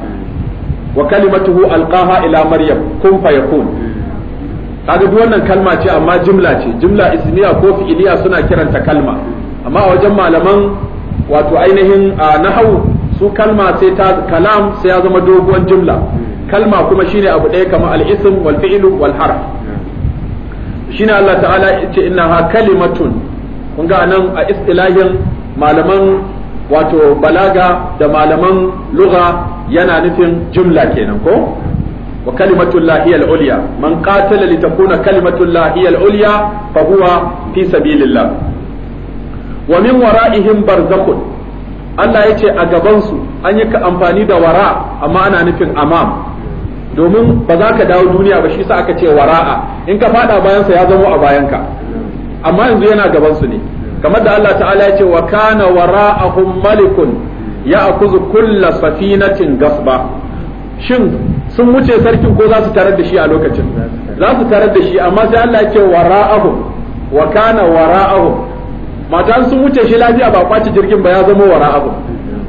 wa kalimatuhu alqaha ila maryam kun fayakun kaga duk wannan kalma ce amma jimla ce jumla ismiya ko fi'iliya suna kiranta kalma amma a wajen malaman wato ainihin a nahau su kalma sai ta kalam sai ya zama doguwar jumla kalma kuma shine abu ɗaya kamar al-ism wal fi'lu wal harf shine Allah ta'ala yace innaha kalimatun kun ga nan a istilahin malaman wato balaga da malaman lugha yana nufin jumla kenan ko wa kalimatul lahi uliya ulya man qatala litakuna kalimatul lahi al fa huwa fi sabilillah wa min wara'ihim barzakhun Allah ya ce a gabansu an yi amfani da wara amma ana nufin amam domin ba za ka dawo duniya ba shi sa aka ce wara'a in ka fada bayansa ya zama a bayanka amma yanzu yana gabansu ne kamar da Allah ta'ala yace ce wa kana wara'ahum malikun ya'khudhu kulla safinatin gasba shin sun wuce sarkin ko za su tarar da shi a lokacin za su tarar da shi amma sai Allah ya wara'ahum wa kana wara'ahum mata sun wuce shi lafiya ba kwace jirgin ba ya zama wara abu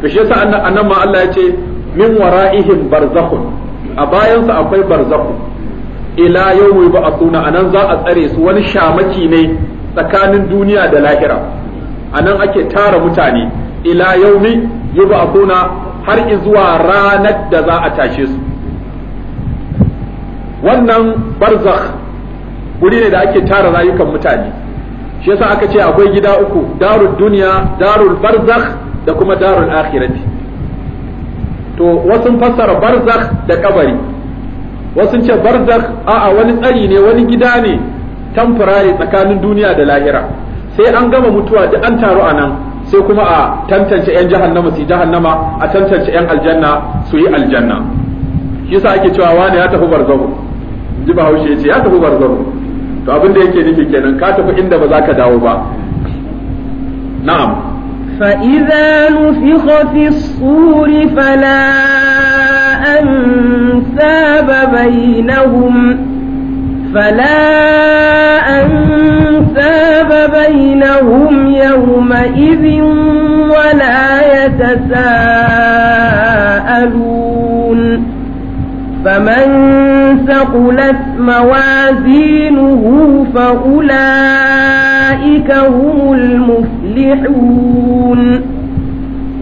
to shi yasa annan ma Allah ya ce min wara'ihim barzakhun a bayan su akwai barzakhun ila yawmi ba'athuna anan za a tsare su wani shamaki ne tsakanin duniya da lahira anan ake tara mutane ila yawmi yub'athuna har zuwa ranar da za a tashe su wannan barzakh guri ne da ake tara rayukan mutane shi yasa aka ce akwai gida uku darul duniya darul barzakh da kuma darul akhirati to wasu fassara barzakh da kabari wasu ce barzakh a'a wani tsari ne wani gida ne temporary tsakanin duniya da lahira sai an gama mutuwa da an taru anan sai kuma a tantance 'yan jahannama su jahannama a tantance 'yan aljanna su yi aljanna shi yasa ake cewa wani ya tafi barzakh ji bahaushe ya ce ya tafi barzakh to abin da yake nufi kenan ka tafi inda ba za ka dawo ba na'am فإذا نفخ في الصور فلا أنساب بينهم فلا أنساب بينهم يومئذ ولا يتساءلون فمن ثقلت موازينه فأولئك هم المفلحون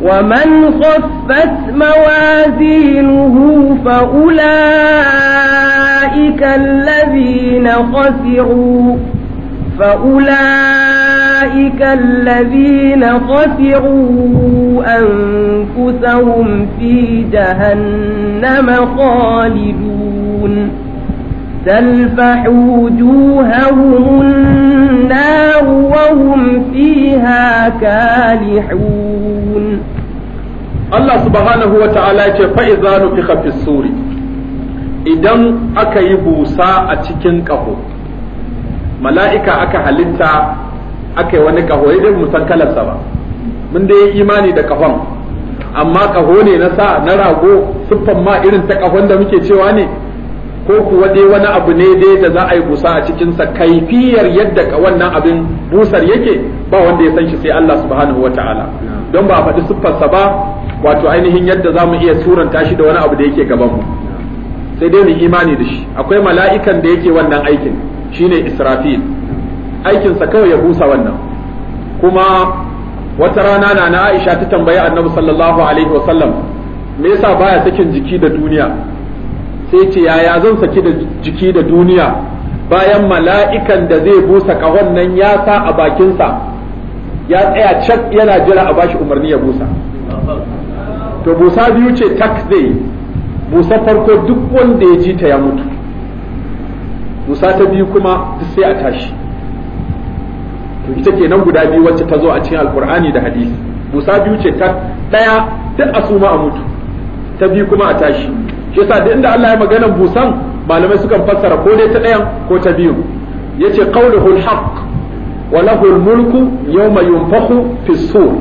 ومن خفت موازينه فأولئك الذين خسروا فأولئك الذين خسروا أنفسهم في جهنم خالدون تلفح وجوههم النار وهم فيها كالحون الله سبحانه وتعالى فإذا نفخ في السور idan aka yi busa a cikin ƙaho mala'ika aka halitta aka yi wani ƙaho idan musan kalarsa ba mun dai imani da ƙahon amma ƙaho ne na sa na rago siffan ma irin ta ƙahon da muke cewa ne ko kuwa dai wani abu ne dai da za a yi busa a cikinsa kaifiyar yadda wannan abin busar yake ba wanda ya san shi sai Allah subhanahu wa ta'ala don ba a faɗi siffarsa ba wato ainihin yadda za mu iya turanta shi da wani abu da yake gaban mu sai dai mu imani da shi akwai mala'ikan da yake wannan aikin shine israfil aikinsa kawai ya busa wannan kuma wata rana na na Aisha ta tambayi Annabi sallallahu alaihi sallam me yasa baya sakin jiki da duniya sai ce yaya zan saki da jiki da duniya bayan mala'ikan da zai busa kahon nan ya sa a bakinsa ya tsaya can yana jira a bashi umarni ya busa to busa biyu ce tak zai busa farko duk wanda ya ji ta ya mutu busa ta biyu kuma duk sai a tashi to ita nan guda biyu wacce ta zo a cikin alkur'ani da hadisi busa biyu ce ta daya duk a suma a mutu ta biyu kuma a tashi shi yasa da inda Allah ya magana busan malamai sukan fassara ko dai ta ɗayan ko ta biyu yace qauluhul haqq wa lahul mulku yawma yunfakhu fis sur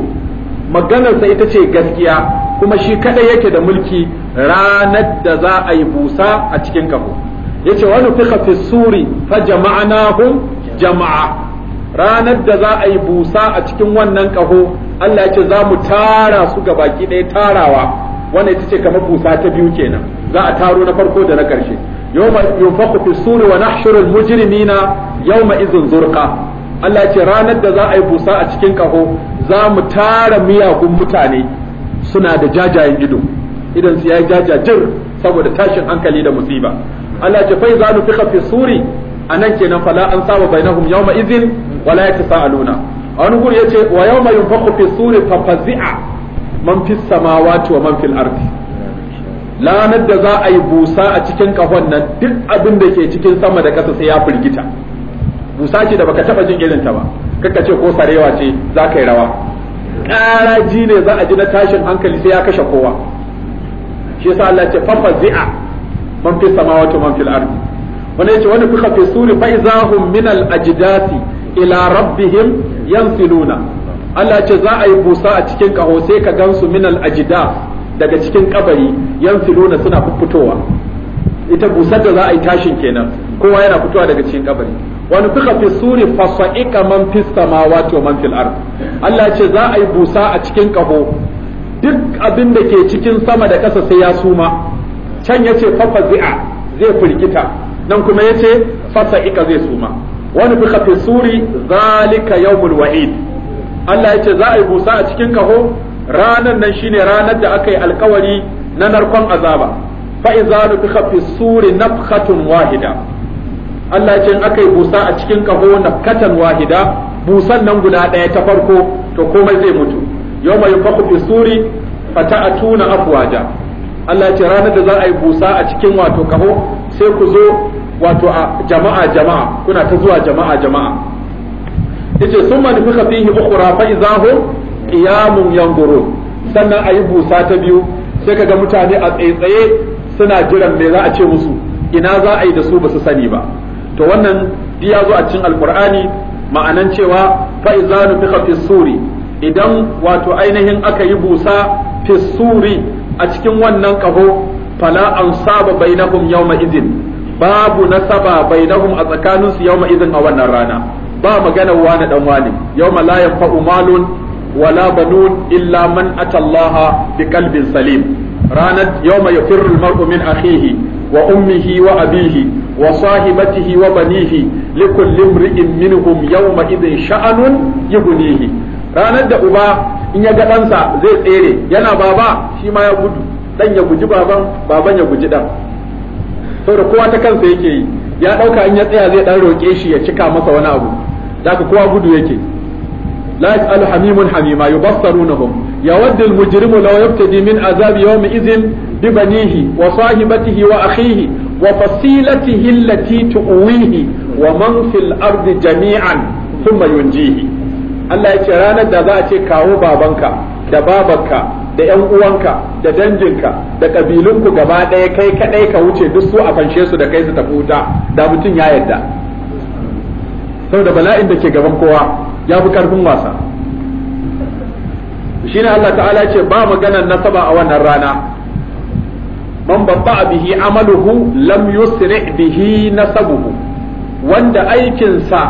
maganarsa ita ce gaskiya kuma shi kadai yake da mulki ranar da za a yi busa a cikin kafu yace wa nufiqa fis suri fa jama'nahum jama'a ranar da za a yi busa a cikin wannan kaho Allah ya ce za mu tara su gabaki ɗaya tarawa wannan ita ce kamar busa ta biyu kenan za a taro na farko da na karshe yawma yunfaqu fi suri wa nahshuru al-mujrimina yawma idhin zurqa Allah ce ranar da za a yi busa a cikin kaho za mu tara miyagun mutane suna da jajayen ido idan su yayi jajajir saboda tashin hankali da musiba Allah ce fai za nufiqa fi suri anan kenan fala an saba bainahum yawma idhin wala yatasaaluna a wani guri yace wa yawma yunfaqu fi suri fa fazi'a man fi samawati wa man fil ardi lanar da za a yi busa a cikin kahon nan duk abin da ke cikin sama da ƙasa sai ya firgita busa ce da baka taba jin irin ta ba kaka ce ko sarewa ce za ka yi rawa ji ne za a ji na tashin hankali sai ya kashe kowa shi yasa Allah ce fafa zi'a man fi samawati man fil ardi wani yace wani kuka fi suri fa min al ajdati ila rabbihim yansiluna Allah ce za a yi busa a cikin kaho sai ka gansu minal ajida daga cikin kabari yan filona suna fitowa ita busar da za a yi tashin kenan kowa yana fitowa daga cikin kabari wani fuka fi suri fasa'ika man fi samawati wa man fil ard Allah ce za a yi busa a cikin kaho duk abin da ke cikin sama da ƙasa sai ya suma can yace fafazi'a zai firgita nan kuma yace fasa'ika zai suma wani fuka fi suri zalika yawmul wa'id Allah ya ce za a yi busa a cikin kaho ranar nan shine ranar da aka yi alkawari na narkon azaba fa iza nufikha fi suri nafkhatun wahida Allah ya ce in aka yi busa a cikin kaho nafkatan wahida busan nan guda ɗaya ta farko to komai zai mutu yawma yunfakhu fi suri fata'atuna afwaja Allah ya ce ranar da za a yi busa a cikin wato kaho sai ku zo wato a jama'a jama'a kuna ta zuwa jama'a jama'a yace thumma nufikha fihi ukhra fa hu qiyamun yanzurun sannan ayi busa ta biyu sai kaga mutane a tsaye suna jiran me za a ce musu ina za a yi da su ba su sani ba to wannan duk ya zo a cikin alqur'ani ma'anan cewa fa fi suri idan wato ainihin aka yi busa fi a cikin wannan kaho fala ansaba bainahum yawma idin babu nasaba bainahum a tsakaninsu yawma izin a wannan rana ba magana wani dan wani yawma la yanfa'u umalun wala banun illa man atallaha bi qalbin salim ranar yawma yafirru almar'u min akhihi wa ummihi wa abihi wa sahibatihi wa banihi likulli imri'in minhum yawma idhin sha'anun yughnihi ranar da uba in ya ga ɗansa zai tsere yana baba shi ma ya gudu dan ya guji baban baban ya guji dan saboda kowa ta kansa yake yi ya ɗauka in ya tsaya zai ɗan roƙe shi ya cika masa wani abu zaka kowa gudu yake la yasalu hamimun hamima yubassarunahum yawaddu almujrimu law yaftadi min azab yawm wa sahibatihi wa akhihi wa fasilatihi allati wa man fil Allah ya ce ranar da za a ce kawo babanka da babanka da ‘yan uwanka da danginka da ƙabilunku gaba ɗaya kai kaɗai ka wuce duk su a fanshe su da kai su tafi wuta da mutum ya yarda saboda bala'in da ke gaban kowa ya fi karfin wasa shi ne Allah ta'ala ce ba maganar nasaba a wannan rana man babba bihi amaluhu lam yusri bihi nasabuhu wanda aikinsa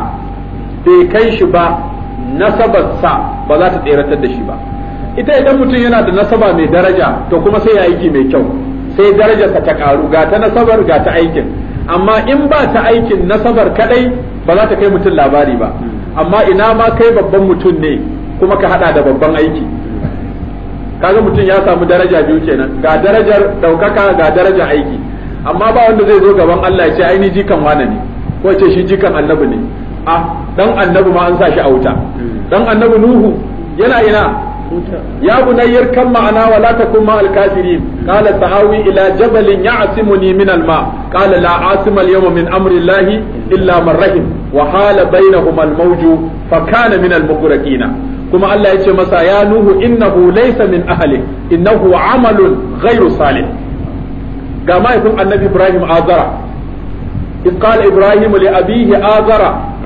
bai kai shi ba nasabarsa ba za ta tseratar da shi ba ita idan mutum yana da nasaba mai daraja to kuma sai ya aiki mai kyau sai darajarsa ta karu ga ta nasabar ga ta aikin amma in ba ta aikin nasabar kadai ba za ta kai mutum labari ba amma ina ma kai babban mutum ne kuma ka hada da babban aiki kaga mutum ya samu daraja biyu kenan ga darajar daukaka ga darajar aiki amma ba wanda zai zo gaban Allah ya ce ai ni jikan wane ne ko ce shi jikan annabi ne a ah, dan annabi ma an sa shi a wuta dan annabi nuhu yana ina ya bunayyar kan ma'ana wa la takun ma al-kafirin qala sahawi ila jabalin ya'simuni min al-ma qala la asima al-yawma min amri illa man rahim wa hala bainahuma al-mawju fa kana min al-mughraqina kuma Allah ya ce masa ya nuhu innahu laysa min ahli innahu amalun ghayru salih ga ma'aikun annabi ibrahim azara kala إذ قال إبراهيم لأبيه a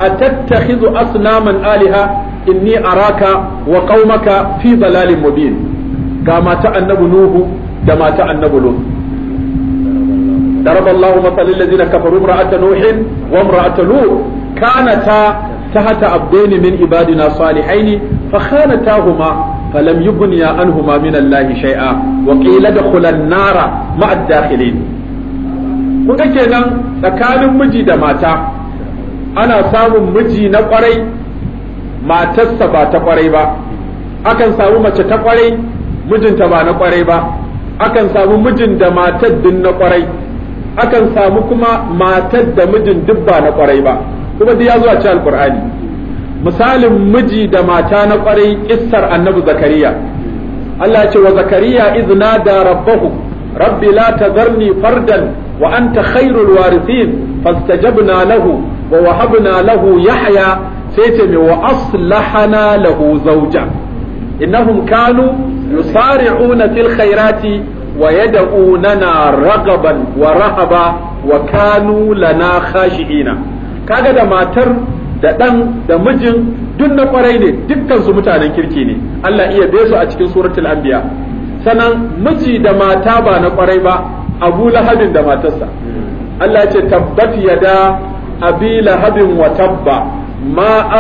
أتتخذ أصناما aliha. inni araka wa qaumaka fi dalalin mubin ga mata annabi nuhu da mata annabi lut darab Allahu matsalin lazina kafaru ra'ata nuhin wa ra'ata lut kanata tahta abdaini min ibadina salihaini fa khanatahuma فلم يبني عنهما من الله شيئا وقيل دخل النار مع الداخلين kun ga kenan tsakanin miji da mata ana samun miji na kwarai. matarsa ba ta kwarai ba akan samu mace ta kwarai mijinta ba na kwarai ba akan samu mijin da matar din na kwarai akan samu kuma matar da mijin duk ba na kwarai ba kuma duk ya zuwa ci alqur'ani misalin miji da mata na kwarai kissar annabi zakariya Allah ya ce wa zakariya izna da rabbahu rabbi la tazarni fardan wa anta khairul warithin fastajabna lahu wa wahabna lahu yahya sai ce mai wa aslahana lahu zawja innahum kanu yusari'una fil khairati wa yad'unana ragaban wa rahaba wa kanu lana khashi'ina kaga da matar da dan da mijin duk na kwarai ne dukkan su mutanen kirki ne Allah iya be su a cikin suratul anbiya sanan miji da mata ba na kwarai ba Abu Lahabin da matarsa Allah ya ce tabbat yada abi lahabin wa tabba ma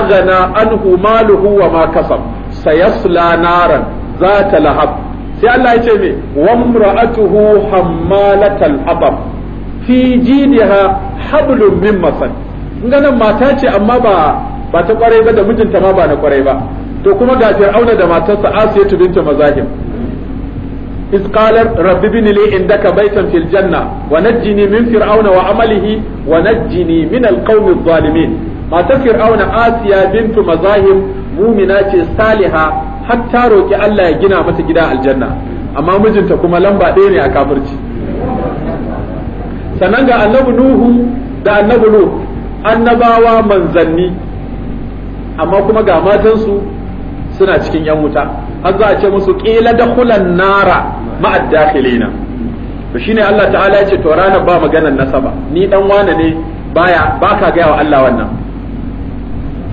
anhu maluhu wa ma kasab sayasla naran zata lahab sai Allah ya ce me wa imra'atuhu hammalatal hatab fi jidiha hablum min masad nan mata ce amma ba ba ta kwarai ba da mijinta ma ba na kwarai ba to kuma ga fir'auna da matarsa asiyatu binta mazahim إذ قالت رب ابن لي عندك بيتا في الجنة ونجني من فرعون وعمله ونجني من القوم الظالمين matar fir'auna asiya bintu mazahim mumina ce saliha ta roki Allah ya gina mata gida aljanna amma mijinta kuma lamba ɗaya ne a kafirci sannan ga annabi nuhu da annabi nuh annabawa manzanni amma kuma ga matansu suna cikin yan wuta har za a ce musu qila dakhulan nara ma'ad dakhilina to shine Allah ta'ala ya ce to ranar ba maganar nasaba ni dan wane ne baya baka ga wa Allah wannan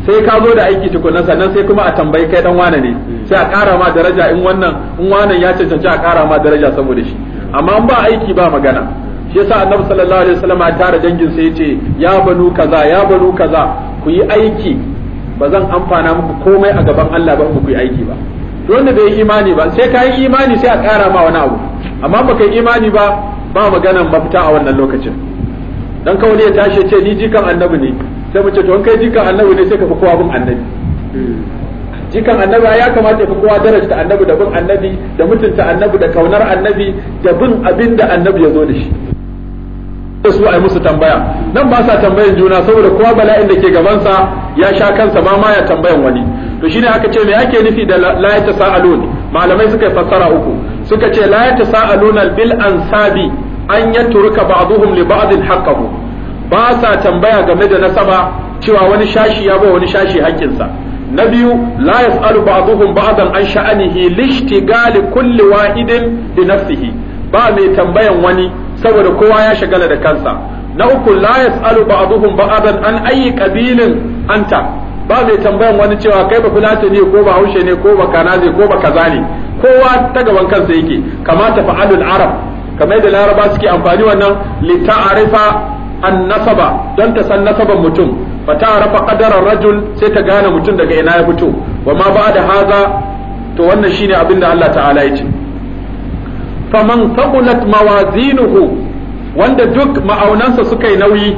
sai ka zo da aiki tukunna sannan sai kuma a tambayi kai dan wane ne sai a ƙara ma daraja in wannan in wannan ya cancanci a ƙara ma daraja saboda shi amma ba aiki ba magana shi yasa annabi sallallahu alaihi wasallam ya tara dangin sai yace ya banu kaza ya banu kaza ku yi aiki ba zan amfana muku komai a gaban Allah ba ku yi aiki ba don wanda bai yi imani ba sai ka yi imani sai a ƙara ma wani abu amma baka yi imani ba ba maganan mafita a wannan lokacin dan kawai ya tashi ce ni jikan annabi ne sai mu ce to an kai jikan annabi ne sai ka fi kowa bin annabi jikan annabi ya kamata ka kowa darasta annabi da bin annabi da mutunta annabi da kaunar annabi da bin abin da annabi ya zo da shi da su ai musu tambaya nan ba sa tambayan juna saboda kowa bala'in da ke gabansa ya sha kansa ba ma ya tambayan wani to shine aka ce me yake nufi da la ya tasaalun malamai suka fassara uku suka ce la ya tasaalun bil ansabi an yaturka ba'dhum li ba'dil haqqahu ba sa tambaya game da nasaba cewa wani shashi ya ba wani shashi haƙƙinsa na biyu la yas'alu ba'dhum ba'dan an sha'anihi lishtigali kulli wahidin bi nafsihi ba mai tambayan wani saboda kowa ya shagala da kansa na uku la yas'alu ba'dhum ba'dan an ayi qabilin anta ba mai tambayan wani cewa kai ba fulata ne ko ba haushe ne ko ba kanaze ko ba kaza ne kowa ta gaban kansa yake kamata fa'alul arab kamar da laraba suke amfani wannan li ta'arifa an nasaba don ta san nasaban mutum fa ta rafa qadarar rajul sai ta gane mutum daga ina ya fito wa ma ba da haza to wannan shine abinda Allah ta'ala ya ce faman faqulat mawazinuhu wanda duk ma'aunansa suka yi nauyi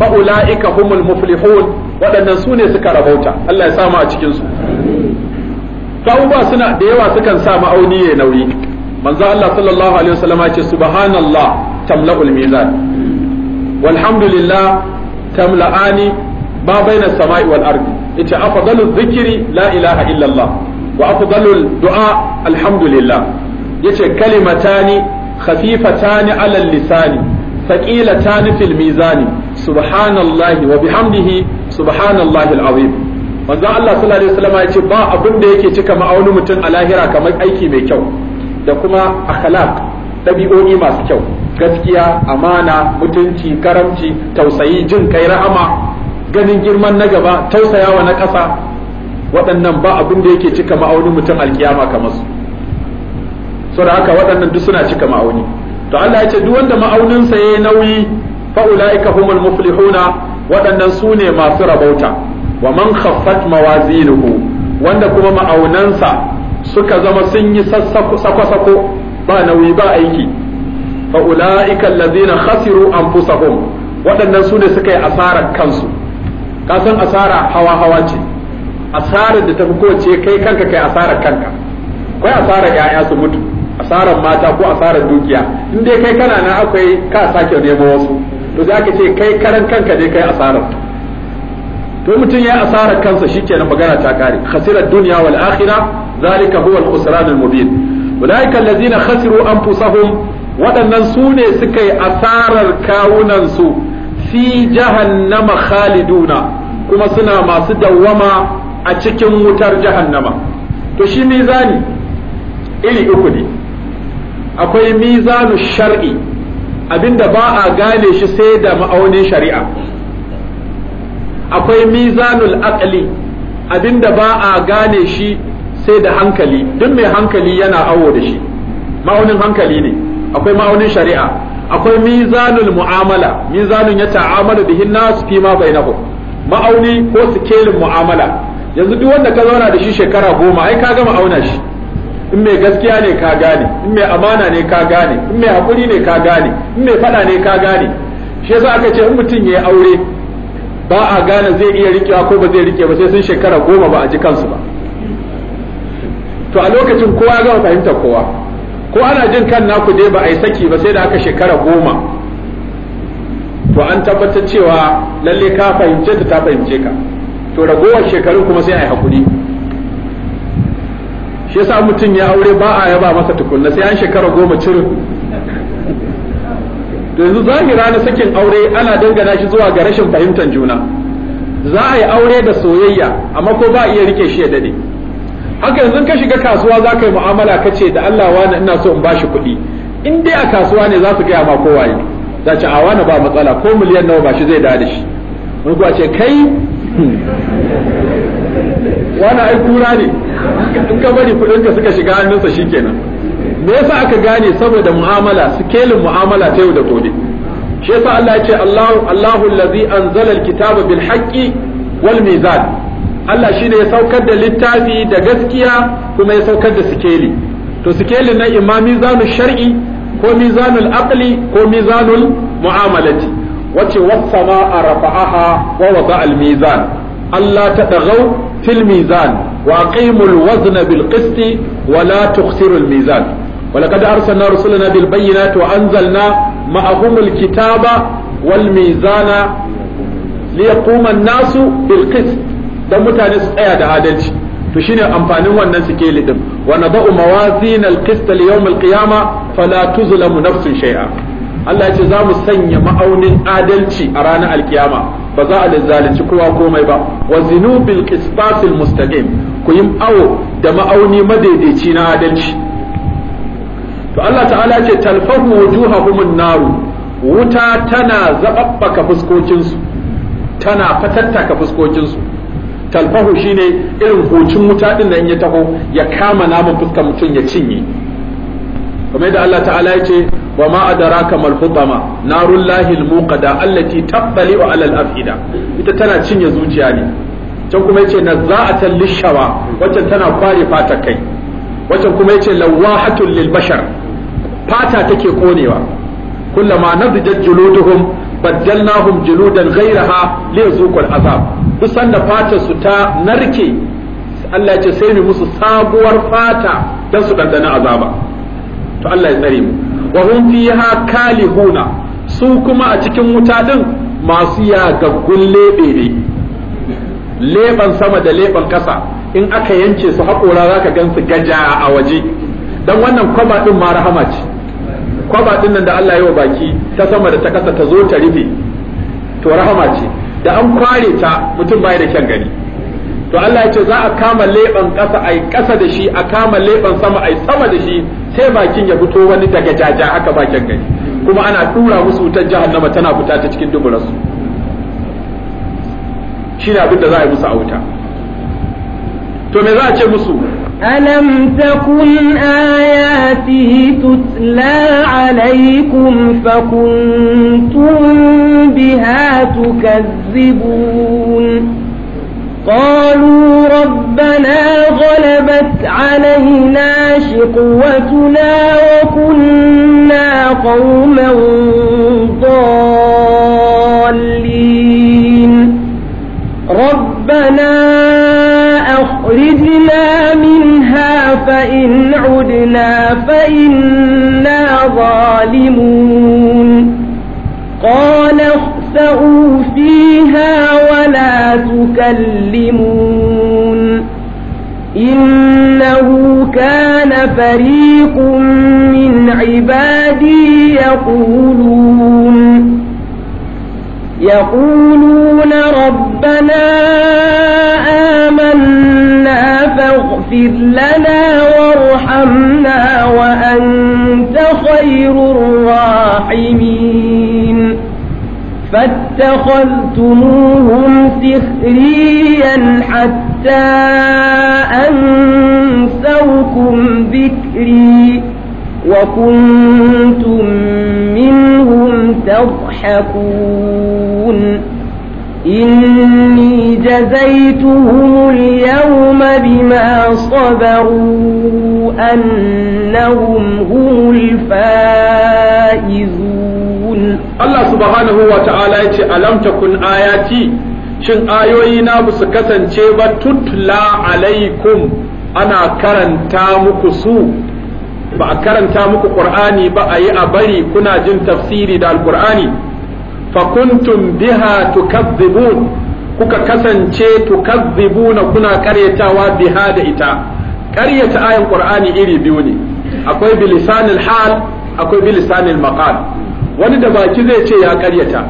fa ulaika humul muflihun waɗannan su ne suka rabauta Allah ya samu a cikin su ba suna da yawa sukan sa ma'auni ya nauyi manzo Allah sallallahu alaihi wasallam ya ce subhanallah tamla'ul mizan walhamdulillah tamla'ani ma baina samai wal ardi ita afdalu dhikri la ilaha illa Allah wa afdalu du'a alhamdulillah yace kalimatani khafifatani ala lisani thaqilatani fil mizani subhanallahi wa bihamdihi subhanallahi alazim manzo Allah sallallahu alaihi wasallam yace ba abin da yake cika ma'auni mutum a lahira kamar aiki mai kyau da kuma akhlaq dabi'o'i masu kyau gaskiya amana mutunci karamci tausayi jin kai rahama ganin girman na gaba tausayawa na ƙasa waɗannan ba abin da yake cika ma'auni mutum alkiyama kamar su so da haka waɗannan duk suna cika ma'auni to Allah ya ce duk wanda ma'auninsa yayi nauyi fa ulaika humul muflihuna waɗannan su ne masu rabauta wa man khaffat mawazinuhu wanda kuma ma'aunansa suka zama sun yi sassako sako ba nauyi ba aiki fa ulaika allazina khasiru anfusahum waɗannan su ne suka yi asarar kansu ka san asara hawa hawa ce asarar da tafi kowace kai kanka kai asarar kanka kai asarar yaya su mutu asarar mata ko asarar dukiya in dai kai kana na akwai ka sake nemo wasu to za ka ce kai karan kanka ne kai asarar to mutum ya asarar kansa shikenan magana ta kare khasirar duniya wal akhirah zalika huwa al khusran al mubin ulaika allazina khasiru anfusahum waɗannan su ne suka yi asarar kawunansu fi jahannama khaliduna kuma suna masu dawwama a cikin wutar jahannama to shi mizani iri uku ne akwai mizanu shar'i abinda ba a gane shi sai da ma'aunin shari'a akwai mizanul aqli abinda ba a gane shi sai da hankali duk mai hankali yana awo da shi ma'aunin hankali ne akwai ma'aunin shari'a akwai mizanul mu'amala mizanun ya ta'amala bihin nasu fi ma bainahum ma'auni ko sikelin mu'amala yanzu duk wanda ka zauna da shi shekara goma ai ka gama auna shi in mai gaskiya ne ka gane in mai amana ne ka gane in mai hakuri ne ka gane in mai fada ne ka gane shi yasa aka ce in mutum ya yi aure ba a gane zai iya rikewa ko ba zai rike ba sai sun shekara goma ba a ji kansu ba to a lokacin kowa ya gama fahimtar kowa ko ana jin kan naku dai ba a yi saki ba sai da aka shekara goma to an tabbatar cewa lalle ka fahimce ta ta fahimce ka to ragowar shekaru kuma sai a yi hakuri shi yasa mutum ya aure ba a yaba masa tukunna sai an shekara goma cirin to yanzu zahira na sakin aure ana dangana shi zuwa ga rashin fahimtar juna za a yi aure da soyayya amma ko ba a iya rike shi ya dade haka yanzu ka shiga kasuwa za ka yi mu'amala ka ce da Allah wani ina so in ba shi kuɗi in dai a kasuwa ne za su gaya ma kowa yi za ce a wani ba matsala ko miliyan nawa ba shi zai dada shi mun kuwa ce kai hmm, wani ai kura ne in ka bari kuɗin ka suka shiga hannunsa kenan. me yasa aka gane saboda mu'amala sikelin mu'amala ta yau da gobe shi yasa Allah ya ce Allahu Allahu allazi anzala alkitaba bil haqqi wal mizan Allah shine ya saukar da littafi da gaskiya kuma ya saukar da sikeli to sikeli na imma mizanul shar'i ko mizanul aqli ko mizanul mu'amalati wace wasama a rafa'aha wa wada al mizan Allah ta dagau fil mizan wa aqimul wazna bil qisti wa la tukhsiru al mizan ولقد أرسلنا رسلنا بالبينات وأنزلنا معهم الكتاب والميزان ليقوم الناس بالقسط dan mutane su tsaya da adalci to shine amfanin wannan sikeli din wa nadau mawazin alqist li yawm alqiyama fala tuzlamu nafsun shay'a Allah ya ce za mu sanya ma'aunin adalci a ranar alkiyama ba za a zalunci kowa komai ba wa bil qistasil mustaqim ku yi awo da ma'auni madaidaici na adalci to Allah ta'ala ce talfahu wujuhahum naru wuta tana zababbaka fuskokinsu tana fatattaka fuskokinsu talfahu shine irin hocin wuta din in ya taho ya kama naman fuskar mutum ya cinye kamar da Allah ta'ala ya ce wa ma adraka mal hutama narul lahil muqada allati tabbali wa alal afida ita tana cinye zuciya ne can kuma yace nazza'atan lishawa wacce tana kware fata kai wacce kuma yace lawahatul lil bashar fata take konewa kullama nadjat juluduhum baddalnahum juludan ghayraha liyazuqul azab kusan da fata su ta narke Allah ce sai mu musu sabuwar fata dan su dandana azaba to Allah ya tsare mu wa hum fiha kalihuna su kuma a cikin wuta din masu yagaggun lebe ne leban sama da leban kasa in aka yance su haƙora zaka gan su gaja a waje Don wannan kwaba din ma rahama ce kwaba din nan da Allah ya wa baki ta sama da ta kasa ta zo ta rufe to rahama ce da an kware ta mutum bai da kyan gani to Allah ya ce za a kama leban kasa ai kasa da shi a kama leban sama ai sama da shi sai bakin ya fito wani daga jaja haka bakin gani kuma ana tura musu wutar jahannama tana fita ta cikin duburarsu shi ne abin da za a yi musu a wuta to me za a ce musu ألم تكن آياتي تتلى عليكم فكنتم بها تكذبون قالوا ربنا غلبت علينا شقوتنا وكنا قوما ضالين ربنا إن عدنا فإنا ظالمون قال اخسأوا فيها ولا تكلمون إنه كان فريق من عبادي يقولون يقولون ربنا آمنا فاغفر لنا وارحمنا وأنت خير الراحمين فاتخذتموهم سخريا حتى أنسوكم ذكري وكنتم منهم تضحكون إني جزيتهم اليوم بما صبروا أنهم هم الفائزون الله سبحانه وتعالى ألم تكن آياتي shin ayoyina ba su kasance ba tutla alaikum ana karanta muku su ba a karanta muku qur'ani ba a yi a bari kuna jin tafsiri da Al-Qur'ani? Fakuntun biha tukazzibun kuka kasance tukazzibuna kuna karyatawa biha da ita karyata ayan ƙur'ani iri biyu ne akwai bilisanil hal akwai bilisanil maqal wani da baki zai ce ya karyata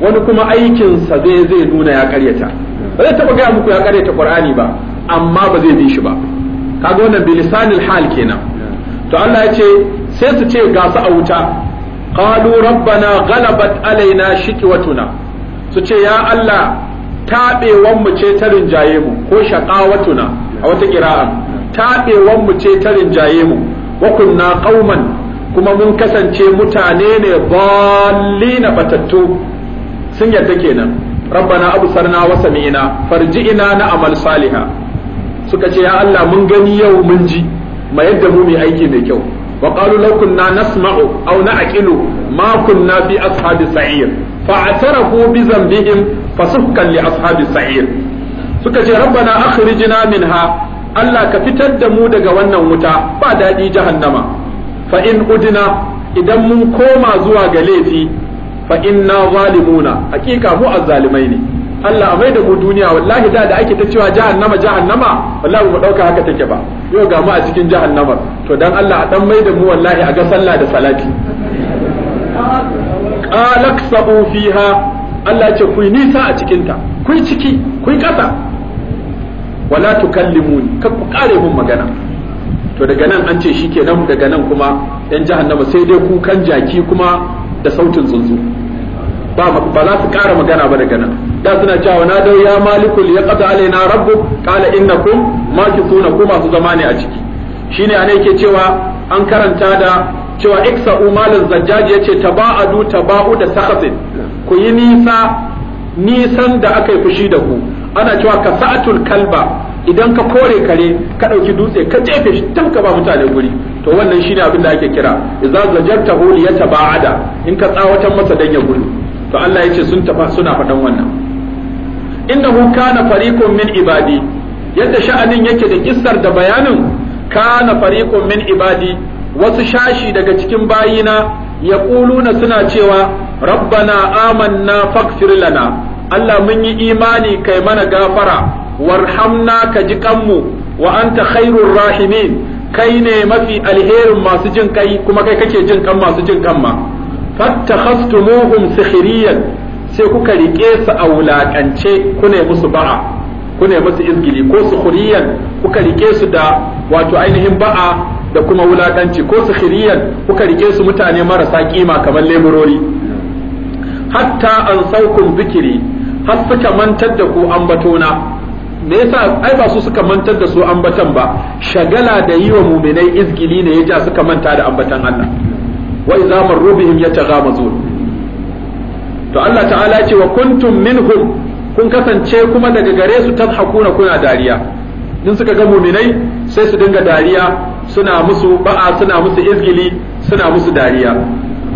wani kuma aikinsa zai nuna ya karyata ba zai taba gaya muku ya karyata qur'ani ba amma ba zai bi shi ba kaga wannan bilisanil hal kenan to Allah ya ce sai su ce ga su a wuta qalu rabbana ghalabat alaina shikwatuna su ce ya Allah taɓewan mu ce ta rinjaye mu ko shaqawatuna a wata ƙira'a, taɓewan mu ce ta rinjaye mu wa kunna qauman kuma mun kasance mutane ne na batattu sun yadda kenan rabbana absarna wa sami'na ina na amal Saliha suka ce ya Allah mun gani yau mun ji ma yadda mu mai aiki mai kyau wa qalu law kunna nasma'u aw na'qilu ma kunna fi ashabi sa'ir fa atarafu bi in fasuhkan li ashabi sa'ir suka ce rabbana akhrijna minha Allah ka fitar da mu daga wannan wuta ba daɗi jahannama fa in udina idan mun koma zuwa ga laifi fa inna zalimuna hakika mu azzalimai ne Allah a mai da mu duniya wallahi da da ake ta cewa jahannama jahannama wallahi mu dauka haka take ba yau ga mu a cikin jahannama to dan Allah a dan mai da mu wallahi a ga sallah da salati qalak sabu fiha Allah ce ku nisa a cikin ta ku ciki ku kasa wala tukallimuni ka ku kare mun magana to daga nan an ce shikenan daga nan kuma yan jahannama sai dai kukan jaki kuma da sautin tsuntsu ba za su kara magana ba daga nan da suna cewa na dau ya malikul ya qata alaina rabbuk qala innakum makithuna masu zama ne a ciki shine ana yake cewa an karanta da cewa iksa umalul zajjaj yace taba'adu taba'u da sa'atin ku yi nisa nisan da aka yi fushi da ku ana cewa ka sa'atul kalba idan ka kore kare ka ɗauki dutse ka jefe shi tun ka ba mutane guri to wannan shine abin da ake kira idza zajarta hu liyata ba'ada in ka tsawatan masa dan ya gudu to Allah yace sun tafa suna faɗan wannan innahu kana fariqun min ibadi yadda sha'anin yake da kissar da bayanin kana fariqun min ibadi wasu shashi daga cikin bayina ya yaquluna suna cewa rabbana amanna faghfir lana Allah mun yi imani kai mana gafara warhamna ka ji kanmu wa anta khairur rahimin kai ne mafi alherin masu jin kai kuma kai kake jin kan masu jin kan ma fattakhastumuhum sikhriyan sai kuka riƙe su a wulaƙance ne musu ba'a ku ne musu izgili ko su khuriyan kuka riƙe su da wato ainihin ba'a da kuma wulaƙanci ko su khiriyan kuka riƙe su mutane marasa kima kamar leburori hatta an saukun bikiri har suka mantar da ku ambatona me yasa ai ba su suka mantar da su ambatan ba shagala da yi wa muminai izgili ne ya ja suka manta da ambatan Allah wa idza marru bihim to Allah ta'ala ce wa kuntum minhum kun kasance kuma daga gare su tadhakuna kuna dariya din suka ga muminai sai su dinga dariya suna musu ba'a suna musu izgili suna musu dariya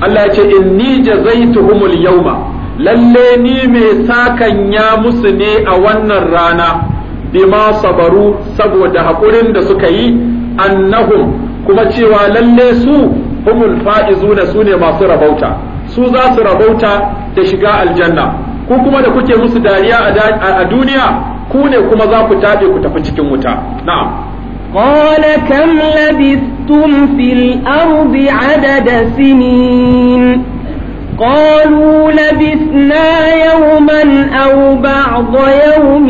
Allah ya ce inni jazaituhumul yawma lalle ni mai sakan ya musu ne a wannan rana bima sabaru saboda haƙurin da suka yi annahum kuma cewa lalle su humul fa'izuna su ne masu rabauta su za su rabauta da shiga aljanna ku kuma da kuke musu dariya a duniya ku ne kuma za ku tabe ku tafi cikin wuta na'am qala kam labistum labis na adada sinin قالوا لبثنا يوما أو بعض يوم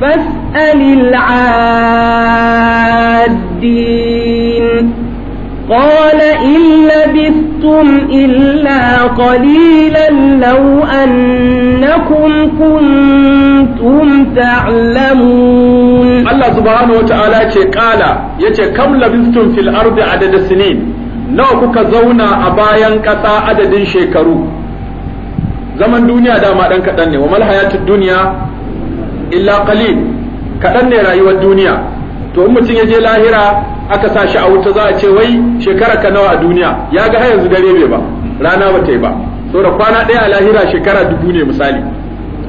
فاسأل العادين قال إن لبثت لبثتم إلا قليلا لو أنكم كنتم تعلمون الله سبحانه وتعالى قال يتي كم لبثتم في الأرض عدد السنين nawa kuka zauna a bayan ƙasa adadin shekaru zaman duniya dama ɗan kaɗan ne wa mal hayatud duniya Ila qalil kaɗan ne rayuwar duniya to in mutum ya je lahira aka sa shi a wuta za a ce wai shekara ka nawa a duniya ya ga har yanzu dare bai ba rana ba ta yi ba da kwana ɗaya a lahira shekara dubu ne misali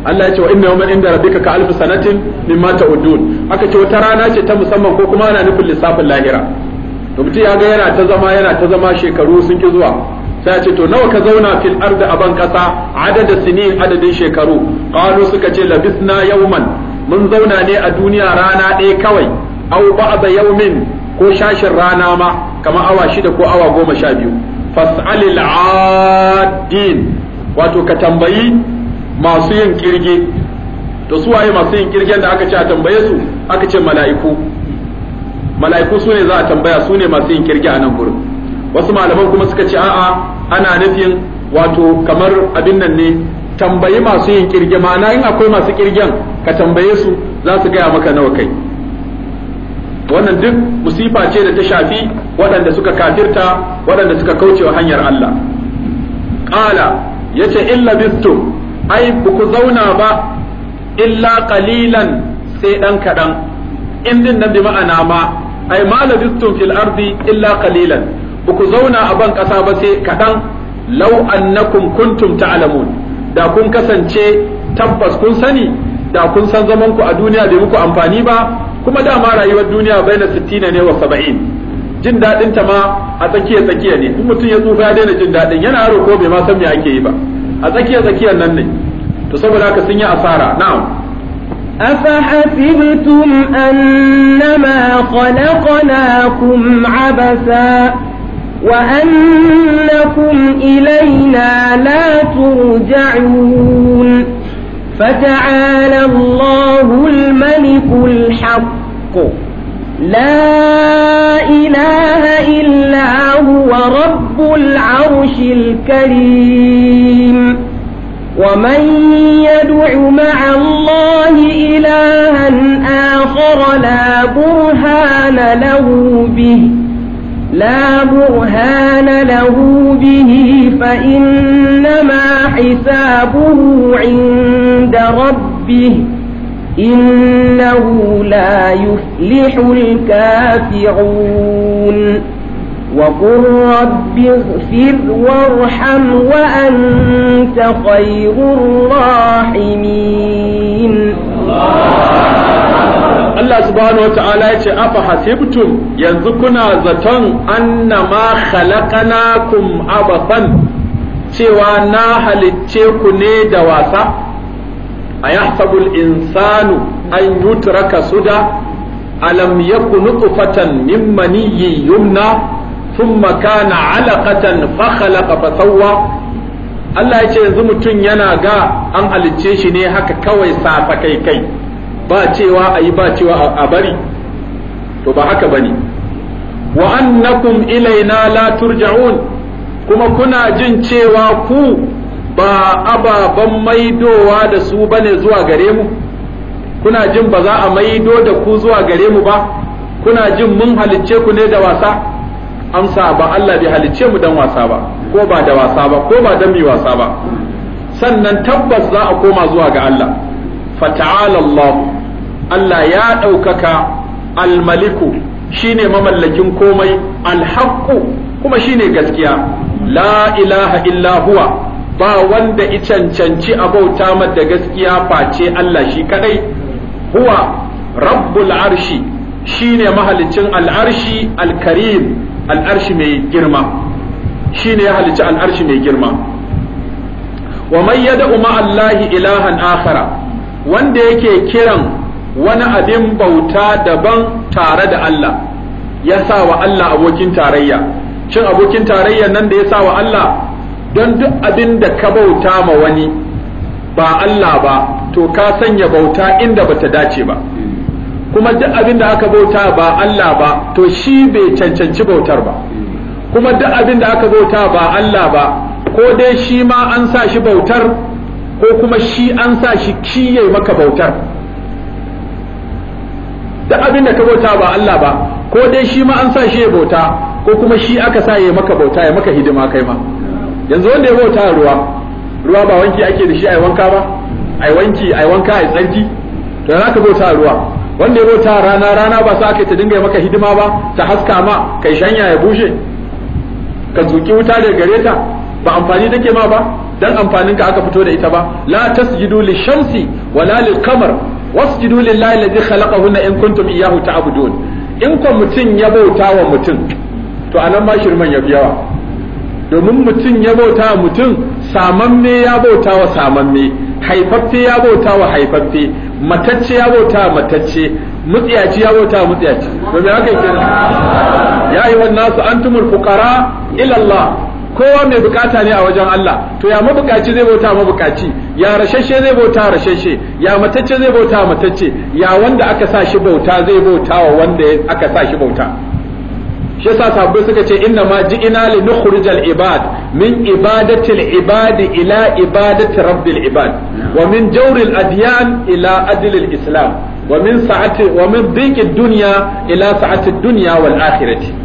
Allah ya ce wa inna yawma inda rabbika ka alfa sanatin mimma ta'udun aka ce wata rana ce ta musamman ko kuma ana nufin lissafin lahira to mutum ya ga yana ta zama yana ta zama shekaru sun ki zuwa sai ya ce to nawa ka zauna fil ardi a ban kasa adada sinin adadin shekaru qalu suka ce labisna yawman mun zauna ne a duniya rana ɗaya kawai aw ba'da yawmin ko shashin rana ma kamar awa shida ko awa goma sha biyu fas'alil adin wato ka tambayi masu yin kirge to su waye masu yin kirgen da aka ce a tambaye su aka ce mala'iku mala'iku su ne za a tambaya su ne masu yin kirge a nan gurin wasu malaman kuma suka ce a'a ana nufin wato kamar abin nan ne tambayi masu yin kirge ma'ana in akwai masu kirgen ka tambaye su za su gaya maka nawa kai wannan duk musifa ce da ta shafi waɗanda suka kafirta waɗanda suka kauce wa hanyar Allah qala yace illa bistum ai ku zauna ba illa ƙalilan sai ɗan kaɗan. in din nan bi ma'ana ma ai ma labistum fil ardi illa Ba ku zauna a ban ƙasa ba sai kaɗan law annakum kuntum ta'lamun da kun kasance tabbas kun sani da kun san zamanku a duniya bai muku amfani ba kuma dama rayuwar duniya bai na 60 ne wa 70 jin dadin ta ma a tsakiya tsakiya ne in mutum ya tsufa ya daina jin dadin yana aro ko bai ma san me ake yi ba a tsakiya tsakiyar nan ne to saboda haka sun yi asara na'am أفحسبتم أنما خلقناكم عبثا وأنكم إلينا لا ترجعون فتعالى الله الملك الحق لا إله إلا هو رب العرش الكريم ومن يدع مع الله إلها آخر لا برهان له به لا برهان له به فإنما حسابه عند ربه إنه لا يفلح الكافرون وقل رب اغفر وارحم وأنت خير الراحمين Allah subhanahu ta'ala ya ce afa hasibtum yanzu kuna zaton annama khalaqnakum abathan cewa na halicce ku ne da wasa a insanu an yutraka suda alam yaku nutfatan min maniyyi yumna thumma kana alaqatan fa khalaqa fa sawwa Allah ya ce yanzu mutum yana ga an halicce shi ne haka kawai safa kai kai ba cewa a yi ba cewa a bari to ba haka bane wa annakum ilaina la turja'un kuma kuna jin cewa ku ba ababan maidowa da su bane zuwa gare mu kuna jin ba za a maido da ku zuwa gare mu ba kuna jin mun halicce ku ne da wasa amsa ba Allah bai halicce mu dan wasa ba ko ba da wasa ba ko ba dan mai wasa ba sannan tabbas za a koma zuwa ga Allah fata'ala Allah Allah ya ɗaukaka almaliku shine mamallakin komai alhaqqu kuma shine gaskiya la ilaha illa huwa ba wanda i cancanci abauta da gaskiya face Allah shi kadai huwa rabbul arshi shine mahalicin al'arshi alkarim al'arshi mai girma ne ya halicci al'arshi mai girma wa man yad'u allahi ilahan akhara wanda yake kiran wani abin bauta daban tare da Allah ya sa wa Allah abokin tarayya cin abokin tarayya nan da ya sa wa Allah don duk abin da ka bauta ma wani ba Allah ba to ka sanya bauta inda bata dace ba kuma duk abin da aka bauta ba Allah ba to shi bai cancanci bautar ba kuma duk abin da aka bauta ba Allah ba ko dai shi ma an sa shi bautar ko kuma shi an sa shi kiyaye maka bautar duk abin da ka bauta ba Allah ba ko dai shi ma an sa shi ya bauta ko kuma shi aka sa ya maka bauta ya maka hidima kai ma yanzu wanda ya bauta ruwa ruwa ba wanki ake da shi ai wanka ba ai wanki ai wanka ai tsarki to yana ka bauta ruwa wanda ya bauta rana rana ba sa ake ta dinga ya maka hidima ba ta haska ma kai shanya ya bushe ka zuki wuta daga gare ta ba amfani take ma ba dan amfanin ka aka fito da ita ba la tasjudu lishamsi wala lilqamar wasjudu lillahi alladhi khalaqahunna in kuntum iyyahu ta'budun in ko mutun ya bauta wa mutun to anan ma shirman ya yawa domin mutun ya bauta wa mutun samamme ya bauta wa samamme haifaffe ya bauta wa haifaffe matacce ya bauta wa matacce mutsiyaci ya bauta wa mutsiyaci Domin me haka kenan ya ayyuhan nasu antumul fuqara ila Allah kowa mai bukata ne a wajen Allah to ya mabukaci zai bauta mabukaci ya rashashe zai bauta rashashe ya matacce zai bauta matacce ya wanda aka sa shi bauta zai bauta wa wanda aka sa shi bauta shi yasa sabbai suka ce inna ma ji'ina li nukhrijal ibad min ibadatil ibadi ila ibadati rabbil ibad wa min jawril adyan ila adlil islam wa min sa'ati wa min dunya ila sa'ati dunya wal akhirati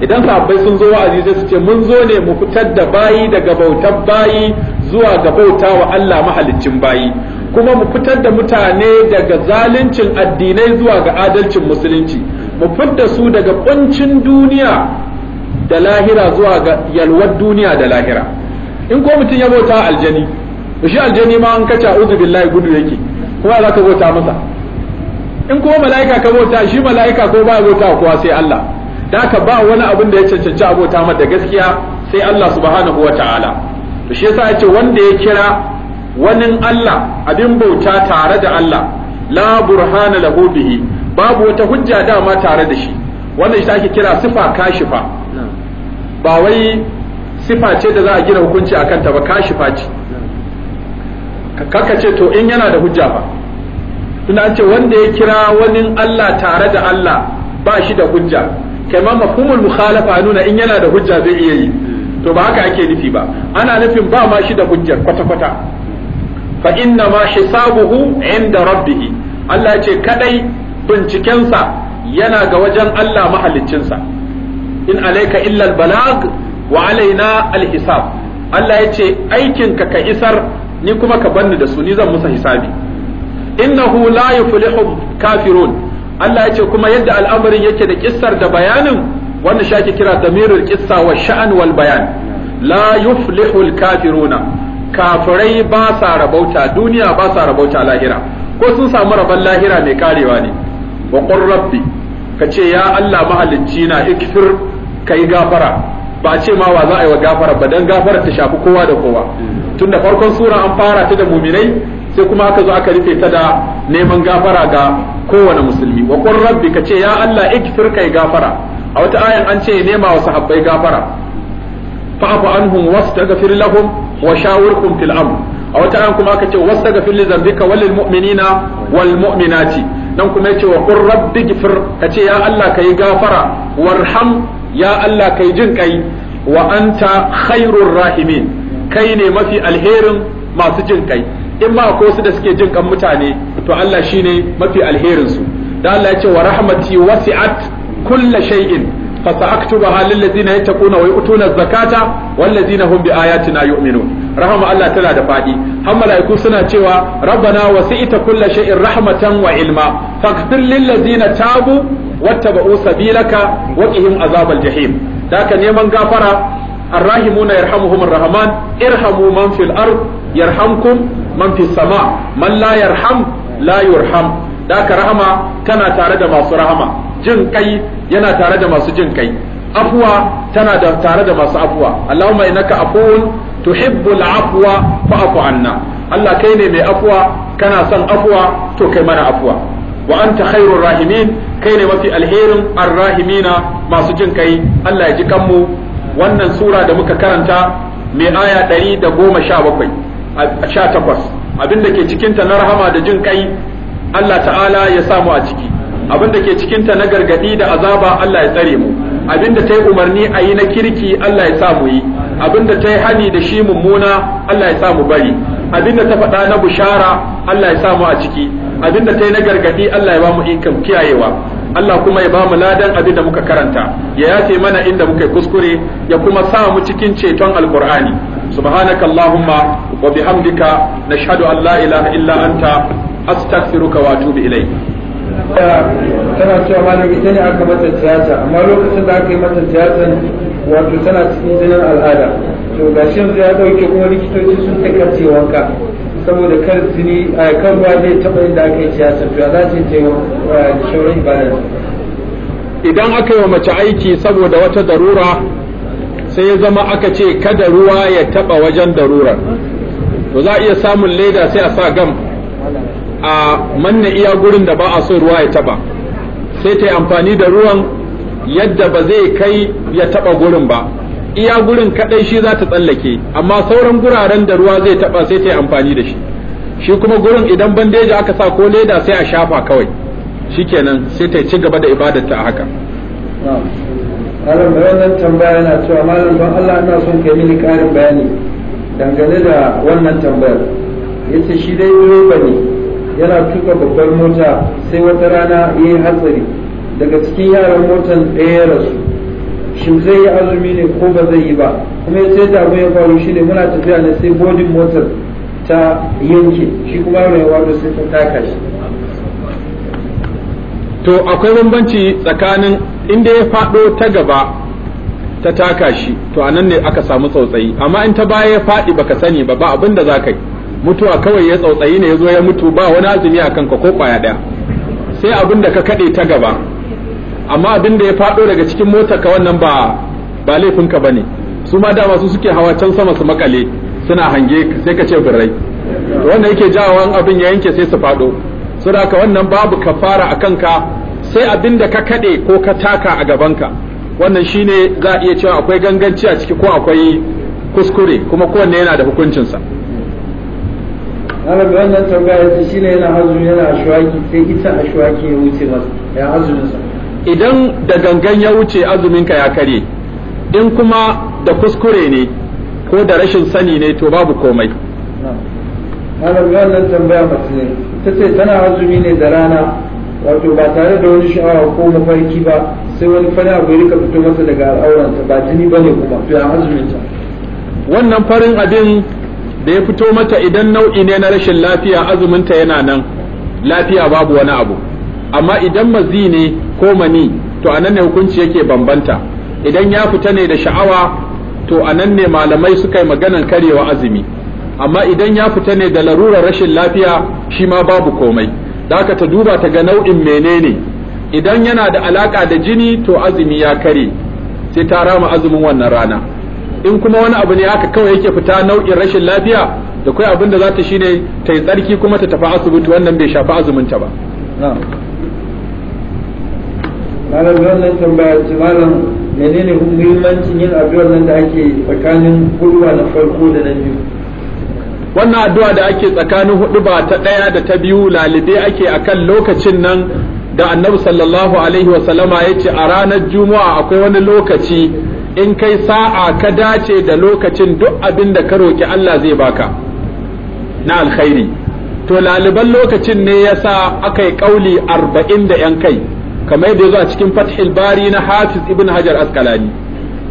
idan sahabbai sun zo wa'azi sai su ce mun zo ne mu fitar da bayi daga bautar bayi zuwa ga bauta wa Allah mahaliccin bayi kuma mu fitar da mutane daga zaluncin addinai zuwa ga adalcin musulunci mu fitar su daga kuncin duniya da lahira zuwa ga yalwar duniya da lahira in ko mutum ya bauta aljani to shi aljani ma an kace a'udhu billahi gudu yake kuma za ka bauta masa in kuma mala'ika ka bauta shi mala'ika ko ba ya bauta kowa sai Allah daka ba wani abin da ya cancanci abota mata gaskiya sai Allah subhanahu wa ta'ala to shi yasa yace wanda ya kira wani Allah abin bauta tare da Allah la burhana lahu bihi babu wata hujja dama tare da shi wannan shi ake kira sifa kashifa ba wai sifa ce da za a gina hukunci akan ta ba kashifa ce kaka ce to in yana da hujja ba tunda an ce wanda ya kira wani Allah tare da Allah ba shi da hujja kama mafhumul mukhalafa a nuna in yana da hujja zai iya yi to ba haka ake nufi ba ana nufin ba ma shi da hujjar kwata kwata fa inna ma hisabuhu inda rabbih Allah ya ce kadai bincikensa yana ga wajen Allah mahaliccinsa in alayka illa balag wa alaina alhisab Allah ya ce ka ka isar ni kuma ka banni da su ni zan musa hisabi innahu la yuflihu kafirun Allah ya ce kuma yadda al'amarin yake da kissar da bayanin wanda shi ake kira damirul kissa wa sha'an wal bayan la yuflihul kafiruna kafirai ba sa rabauta duniya ba sa rabauta lahira ko sun samu rabon lahira mai karewa ne wa qur rabbi kace ya Allah mahalicci na ikfir kai gafara ba ce ma wa za a yi wa gafara ba dan gafara ta shafi kowa da kowa tunda farkon sura an fara ta da muminai sai kuma aka zo aka rufe ta da neman gafara ga kowane musulmi wa qur rabbi ka ce ya Allah igfir kai gafara a wata ayan an ce nema wa sahabbai gafara fa'fu anhum wastaghfir lahum wa shawirhum fil amr a wata ayan kuma aka ce wastaghfir li dhanbika wal mu'minina wal mu'minati dan kuma yace wa qur rabbi igfir ka ce ya Allah kai gafara warham ya Allah kai jin kai wa anta khairur rahimin kai ne mafi alherin masu jin kai in ma ko su da suke jin kan mutane to Allah shine mafi alherin su da Allah ya ce wa rahmati wasi'at kulla shay'in fa sa'aktubaha lil ladzina yattaquna wa yu'tuna zakata wal ladzina hum bi ayatina yu'minun rahama Allah tana da fadi har malaiku suna cewa rabbana wasi'ta kulla shay'in rahmatan wa ilma faghfir lil ladzina tabu wattaba'u sabilaka wa qihim azabal jahim daka neman gafara الراحمون يرحمهم الرحمن ارحموا من في الأرض يرحمكم man fi sama man la yarham la yurham da ka rahama tana tare da masu rahama jin kai yana tare da masu jin kai afuwa tana da tare da masu afuwa allahumma innaka afuwun tuhibbul afwa fa'fu anna Allah kai ne mai afuwa kana son afuwa to kai mana afuwa wa anta khairur rahimin kai ne mafi alherin arrahimina masu jin kai Allah ya ji kanmu wannan sura da muka karanta mai aya ɗari da goma sha bakwai sha takwas abin da ke cikinta na rahama da jin kai Allah ta'ala ya samu a ciki abin da ke cikinta na gargadi da azaba Allah ya tsare mu abin da ta yi umarni a yi na kirki Allah ya sa mu yi abin da ta yi hani da shi mummuna Allah ya sa mu bari abin da ta faɗa na bushara Allah ya sa mu a ciki abin da ta yi na gargadi Allah ya ba mu ikon kiyayewa Allah kuma ya ba mu ladan abin da muka karanta ya yace mana inda muka kuskure ya kuma sa mu cikin ceton alkur'ani subhanaka allahumma wa bihamdika nashhadu an la ilaha illa anta astaghfiruka wa atubu ilayk tana cewa malam ita ne aka mata tiyata amma lokacin da aka yi mata tiyatan wato tana cikin jinin al'ada to ga shi yanzu ya dauke kuma likitoci sun taka ce wanka saboda kar jini a kan ruwa zai taba inda aka yi tiyata to ya za ta ce shauran ibada idan aka yi wa mace aiki saboda wata darura sai ya zama aka ce kada ruwa ya taba wajen darurar to za a iya samun leda sai a sa gam a manna iya gurin da ba a so ruwa ya taba sai ta yi amfani da ruwan yadda ba zai kai ya taba gurin ba iya gurin kadai shi za ta tsallake amma sauran guraren da ruwa zai taba sai ta yi amfani da shi shi kuma gurin idan bandeji aka sa ko leda sai a shafa kawai shikenan sai ta ci gaba da ibadarta a haka malam mai wannan tambaya yana cewa malam don Allah ina son kai mini karin bayani dangane da wannan tambayar yace shi dai direba ne yana tuka babbar mota sai wata rana ya hatsari daga cikin yaran motan ɗaya ya rasu shin zai yi azumi ne ko ba zai yi ba kuma ya sai abu ya faru shi ne muna tafiya ne sai bodin motar ta yanke shi kuma mai ya wado sai ta taka shi to akwai bambanci tsakanin In inda ya faɗo ta gaba ta taka shi to a nan ne aka samu tsautsayi amma in ta baya ya faɗi baka sani ba ba abin da za ka yi mutuwa kawai ya tsautsayi ne ya zo ya mutu ba wani azumi a kanka ko kwaya ɗaya sai abin da ka kaɗe ta gaba amma abin da ya faɗo daga cikin motar ka wannan ba ba laifinka ba ne su ma dama su suke hawa can sama su makale suna hange sai ka ce birrai wannan yake jawo abin ya yanke sai su faɗo saboda haka wannan babu kafara a ka. sai abin da ka kaɗe ko ka taka a gabanka wannan shine za a iya cewa akwai ganganci a ciki ko akwai kuskure kuma kowanne yana da hukuncinsa Arabi wannan tambaya ta shine yana hazu yana ashwaki sai ita ashwaki ya wuce masa ya azuminsa idan da gangan ya wuce azuminka ya karye in kuma da kuskure ne ko da rashin sani ne to babu komai Arabi wannan tambaya mace ne ta ce tana azumi ne da rana wato ba tare da wani sha'awa ko mafarki ba sai wani fara abu ya rika fito masa daga al'auranta ba jini bane kuma to ya azuminta wannan farin abin da ya fito mata idan nau'i ne na rashin lafiya azuminta yana nan lafiya babu wani abu amma idan mazi ne ko mani to anan ne hukunci yake bambanta idan ya fita ne da sha'awa to anan ne malamai suka yi maganan karewa azumi amma idan ya fita ne da larurar rashin lafiya shi ma babu komai da ta duba ta ga nau'in menene idan yana da alaka da jini to azumi ya kare sai ta rama azumin wannan rana in kuma wani abu ne aka kawai yake fita nau'in rashin lafiya da kai abin da za ta shine ta yi tsarki kuma ta tafi asibiti wannan bai shafi azumin ta ba malam nan tambaya ce malam menene muhimmancin yin abin nan da ake tsakanin gurwa na farko da na biyu wannan addu'a da ake tsakanin hudu ba ta ɗaya da ta biyu lalibe ake a kan lokacin nan da annabi sallallahu alaihi wasallama ya ce a ranar juma'a akwai wani lokaci in kai sa'a ka dace da lokacin duk abin da ka roki Allah zai baka na alkhairi to laliban lokacin ne yasa aka yi kauli arba'in da yan kai kamar yadda yazo a cikin fathil bari na hafiz ibn hajar askalani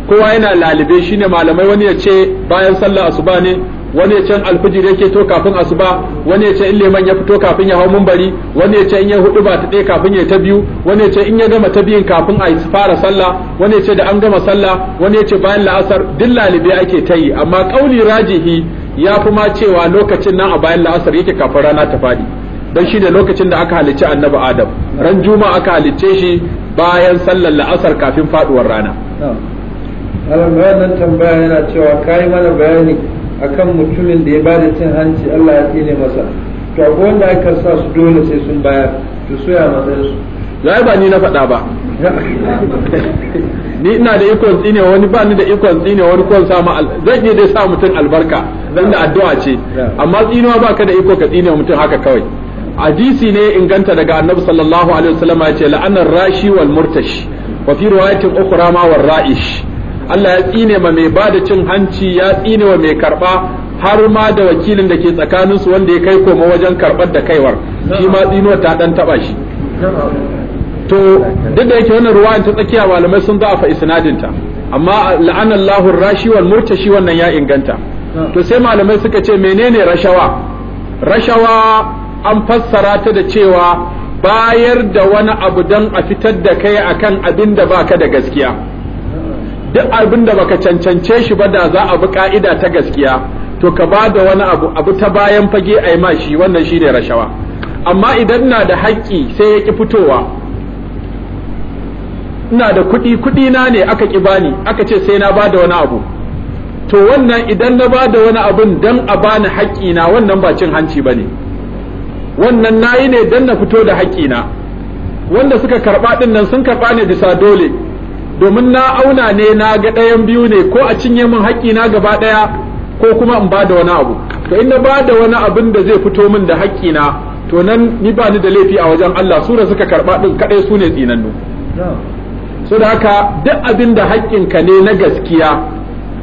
kowa yana lalibe shine malamai wani ya ce bayan sallah asuba ne wani ya ce alfijir yake to kafin asuba wani ya ce in liman ya fito kafin ya hau mumbari wani ya ce in ya hudu ba ta ɗaya kafin ya ta biyu wani ya ce in ya gama ta biyun kafin a fara sallah wani ya ce da an gama sallah wani ya ce bayan la'asar duk lalibe ake ta yi amma kauli rajihi ya fi ma cewa lokacin nan a bayan la'asar yake kafin rana ta faɗi don shi ne lokacin da aka halicci annabi adam ran juma aka halicce shi bayan sallar la'asar kafin faduwar rana. Alam bayan nan tambaya yana cewa kayi mana bayani akan mutumin da ya ba da cin hanci Allah ya tsine masa to akwai wanda aka sa su dole sai sun bayar to soya matsayin su zai ba ni na faɗa ba ni ina da ikon tsine wani ba ni da ikon tsine wani kon sa ma zan yi dai sa mutum albarka dan da addu'a ce amma tsinewa baka da iko ka tsine mutum haka kawai hadisi ne inganta daga annabi sallallahu alaihi wasallam ya ce la'anar rashi wal murtashi wa fi riwayatin ukhra ma war ra'ish Allah ya tsine ma mai bada cin hanci ya tsine wa mai karba har ma da wakilin da ke tsakanin su wanda ya kai koma wajen karbar da kaiwar shi ma tsino ta dan taba shi to duk da yake wannan ruwayan ta tsakiya malamai sun fa isnadin ta amma la'anallahu rashi wal murtashi wannan ya inganta to sai malamai suka ce menene rashawa rashawa an fassara ta da cewa bayar da wani abu don a fitar da kai akan abin da baka da gaskiya duk abin da baka cancance shi ba da za a bi ka'ida ta gaskiya to ka ba da wani abu abu ta bayan fage a yi mashi wannan shi ne rashawa amma idan na da haƙƙi sai ya ƙi fitowa ina da kuɗi kuɗi na ne aka ƙi bani aka ce sai na ba da wani abu to wannan idan na ba da wani abun dan a bani haƙƙi na wannan ba cin hanci ba ne wannan na yi ne dan na fito da haƙƙi na wanda suka karɓa ɗin nan sun karɓa ne bisa dole domin na auna ne na ga ɗayan biyu ne ko a cinye min haƙƙi na gaba ɗaya ko kuma in ba da wani abu to in na bada wani abin da zai fito min da haƙƙi na to nan ni ba ni da laifi a wajen Allah su da suka karɓa ɗin kaɗai su ne tsinannu so da haka duk abin da ka ne na gaskiya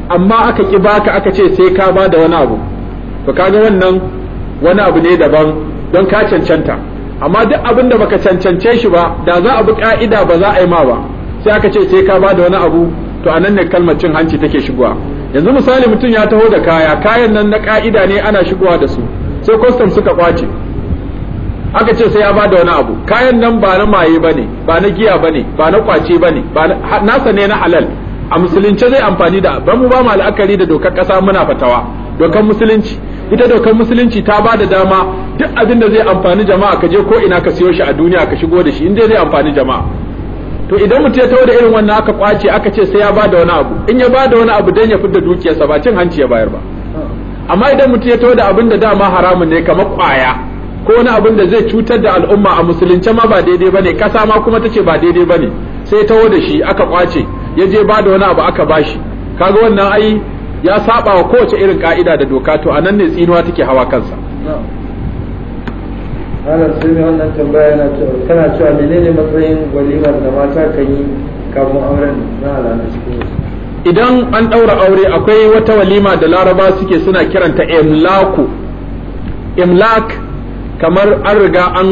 amma aka ƙi baka aka ce sai ka ba da wani abu to kaga wannan wani abu ne daban don ka cancanta amma duk abin da baka cancance shi ba da za a bi ƙa'ida ba za a yi ma ba sai aka ce sai ka bada wani abu to a nan ne kalmar cin hanci take shigowa yanzu misali mutum ya taho da kaya kayan nan na ka'ida ne ana shigowa da su sai kwastam suka kwace aka ce sai ya bada wani abu kayan nan ba na maye bane ba na giya bane ba na kwace bane ba nasa ne na halal a musulunce zai amfani da ban mu ba mu la'akari da dokar kasa muna fatawa dokar musulunci ita dokar musulunci ta ba da dama duk abin da zai amfani jama'a ka je ko ina ka siyo shi a duniya ka shigo da shi in zai amfani jama'a to idan mutum ya tawo da irin wannan aka kwace aka ce sai ya ba da wani abu in ya ba da wani abu dan ya fidda dukiyarsa ba cin hanci ya bayar ba amma idan mutu ya tawo da abin da dama haramun ne kamar kwaya ko wani abin da zai cutar da al'umma a musulunce ma ba daidai bane kasa ma kuma tace ba daidai bane sai tawo da shi aka kwace ya je ba da wani abu aka bashi kaga wannan ai ya saba wa kowace irin ka'ida da doka to anan ne tsinuwa take hawa kansa malam sun yi wannan tambaya na cewa kana cewa menene matsayin walimar da mata kan yi kamun auren na alamu cikin idan an ɗaura aure akwai wata walima da laraba suke suna kiranta imlaku imlak kamar an riga an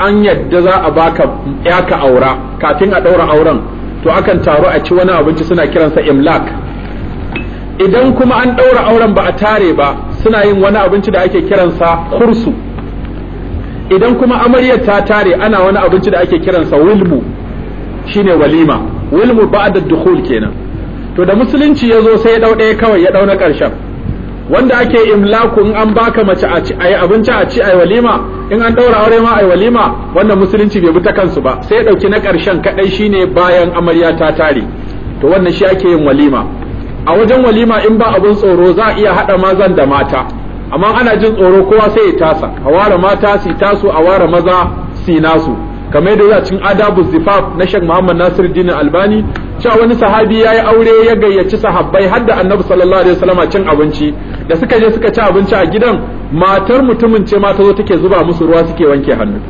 an yadda za a baka yaka aura kafin a ɗaura auren to akan taru a ci wani abinci suna kiransa imlak idan kuma an ɗaura auren ba a tare ba suna yin wani abinci da ake kiransa kursu idan kuma amaryar ta tare ana wani abinci da ake kiransa wilmu shine walima wilmu ba da dukhul kenan to da musulunci ya zo sai ya dau ɗaya kawai ya dau na ƙarshen wanda ake imlaku in an baka mace a ci ayi abinci a ci ayi walima in an daura aure ma ayi walima wannan musulunci bai bi ta kansu ba sai ya dauki na ƙarshen kadai shine bayan amarya ta tare to wannan shi ake yin walima a wajen walima in ba abun tsoro za a iya haɗa mazan da mata amma ana jin tsoro kowa sai ya tasa a ware mata su tasu a ware maza su nasu kamar yadda a cikin adabu zifaf na shek Muhammad Nasir Dinin Albani cewa wani sahabi ya yi aure ya gayyaci sahabbai har da Annabi sallallahu alaihi wasallam cin abinci da suka je suka ci abinci a gidan matar mutumin ce ma ta zo take zuba musu ruwa suke wanke hannu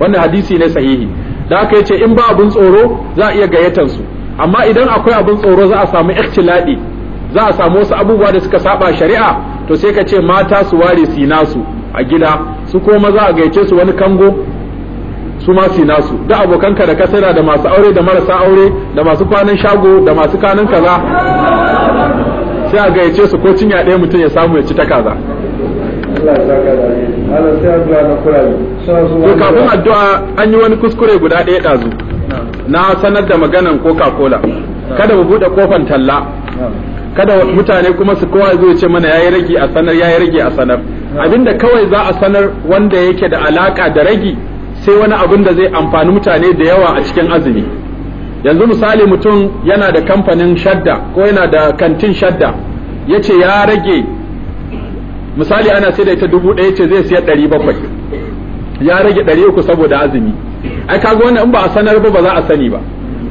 wannan hadisi ne sahihi da aka yace in ba abin tsoro za a iya gayyatar su amma idan akwai abin tsoro za a samu ikhtiladi za a samu wasu abubuwa da suka saba shari'a to sai ka ce mata su ware su nasu a gida su ko maza a gaice su wani kango su ma su nasu abokan abokanka da sana da masu aure da marasa aure da masu kwanan shago da masu kanin kaza sai a gaice su ko cinya ɗaya mutum ya samu ya ci ta kaza to kafin addu'a an yi wani kuskure guda ɗaya ɗazu na sanar da maganan coca cola kada mu buɗe kofan talla kada mutane kuma su kowa zai ce mana yayi ragi a sanar yayi ragi a sanar abinda kawai za a sanar wanda yake da alaka da ragi sai wani abin da zai amfani mutane da yawa a cikin azumi yanzu misali mutum yana da kamfanin shadda ko yana da kantin shadda ya ce ya rage misali ana sai da ita dubu ɗaya ce zai siya ɗari bakwai ya rage ɗari uku saboda azumi ai kaga wannan in ba a sanar ba ba za a sani ba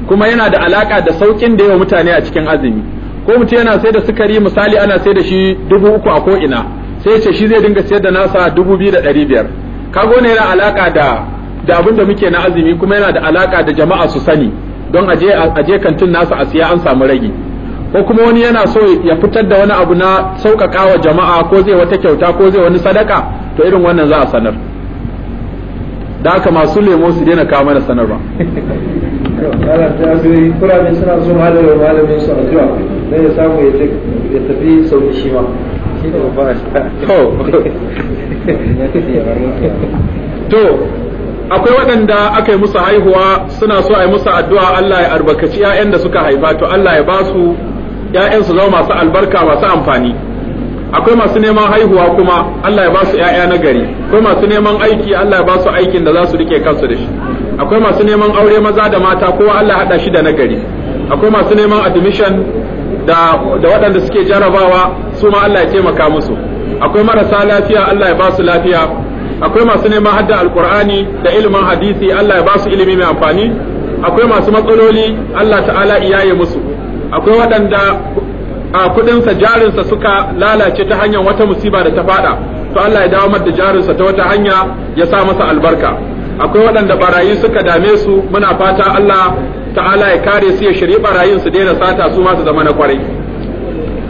kuma yana da alaka da saukin da yawa mutane a cikin azumi ko mutum yana sai da sukari misali ana sai da shi dubu uku a ko ina sai ce shi zai dinga sayar da nasa dubu biyu da ɗari biyar kago ne yana alaka da abin da muke na azumi kuma yana da alaka da jama'a su sani don aje aje kantin nasa a siya an samu rage ko kuma wani yana so ya fitar da wani abu na sauƙaƙa wa jama'a ko zai wata kyauta ko zai wani sadaka to irin wannan za a sanar da haka masu lemo su daina kawo mana sanarwa. suna malamin su a ya samu ya tafi sau da shi ma to akwai waɗanda aka yi musu haihuwa suna so a yi musu addu'a Allah ya albarkaci 'ya'yan da suka haifa to Allah ya ba su 'ya'yan su zama masu albarka masu amfani akwai masu neman haihuwa kuma Allah ya ba su 'ya'ya na gari akwai masu neman aiki Allah ya ba su aikin da za su rike kansu da shi akwai masu neman aure maza da mata kowa Allah ya haɗa shi da na gari akwai masu neman admission da waɗanda suke jarabawa su ma Allah ya taimaka musu akwai marasa lafiya Allah ya ba su lafiya akwai masu neman hadda al-kur'ani da ilimin hadisi Allah ya ba su ilimi mai amfani akwai masu matsaloli Allah ta'ala iyaye musu akwai waɗanda a kudinsa jarinsa suka lalace ta hanyar wata musiba da ta fada to Allah ya dawo da jarinsa ta wata hanya ya sa masa albarka akwai waɗanda barayi suka dame su muna fata Allah ta'ala ya kare su ya shirye barayin su daina sata su masu zama na kwarai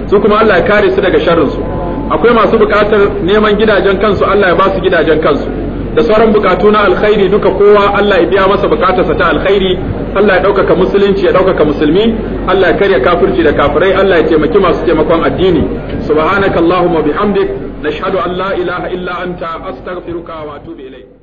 su kuma Allah ya kare su daga sharrin su akwai masu bukatar neman gidajen kansu Allah ya ba su gidajen kansu da sauran bukatu na alkhairi duka kowa Allah ya biya masa bukatarsa ta alkhairi Allah ya ɗaukaka musulunci ya ɗaukaka musulmi Allah ya karya kafirci da kafirai Allah ya taimaki masu taimakon addini subhanakallahumma bihamdik nashhadu an la ilaha illa anta astaghfiruka wa atubu ilayk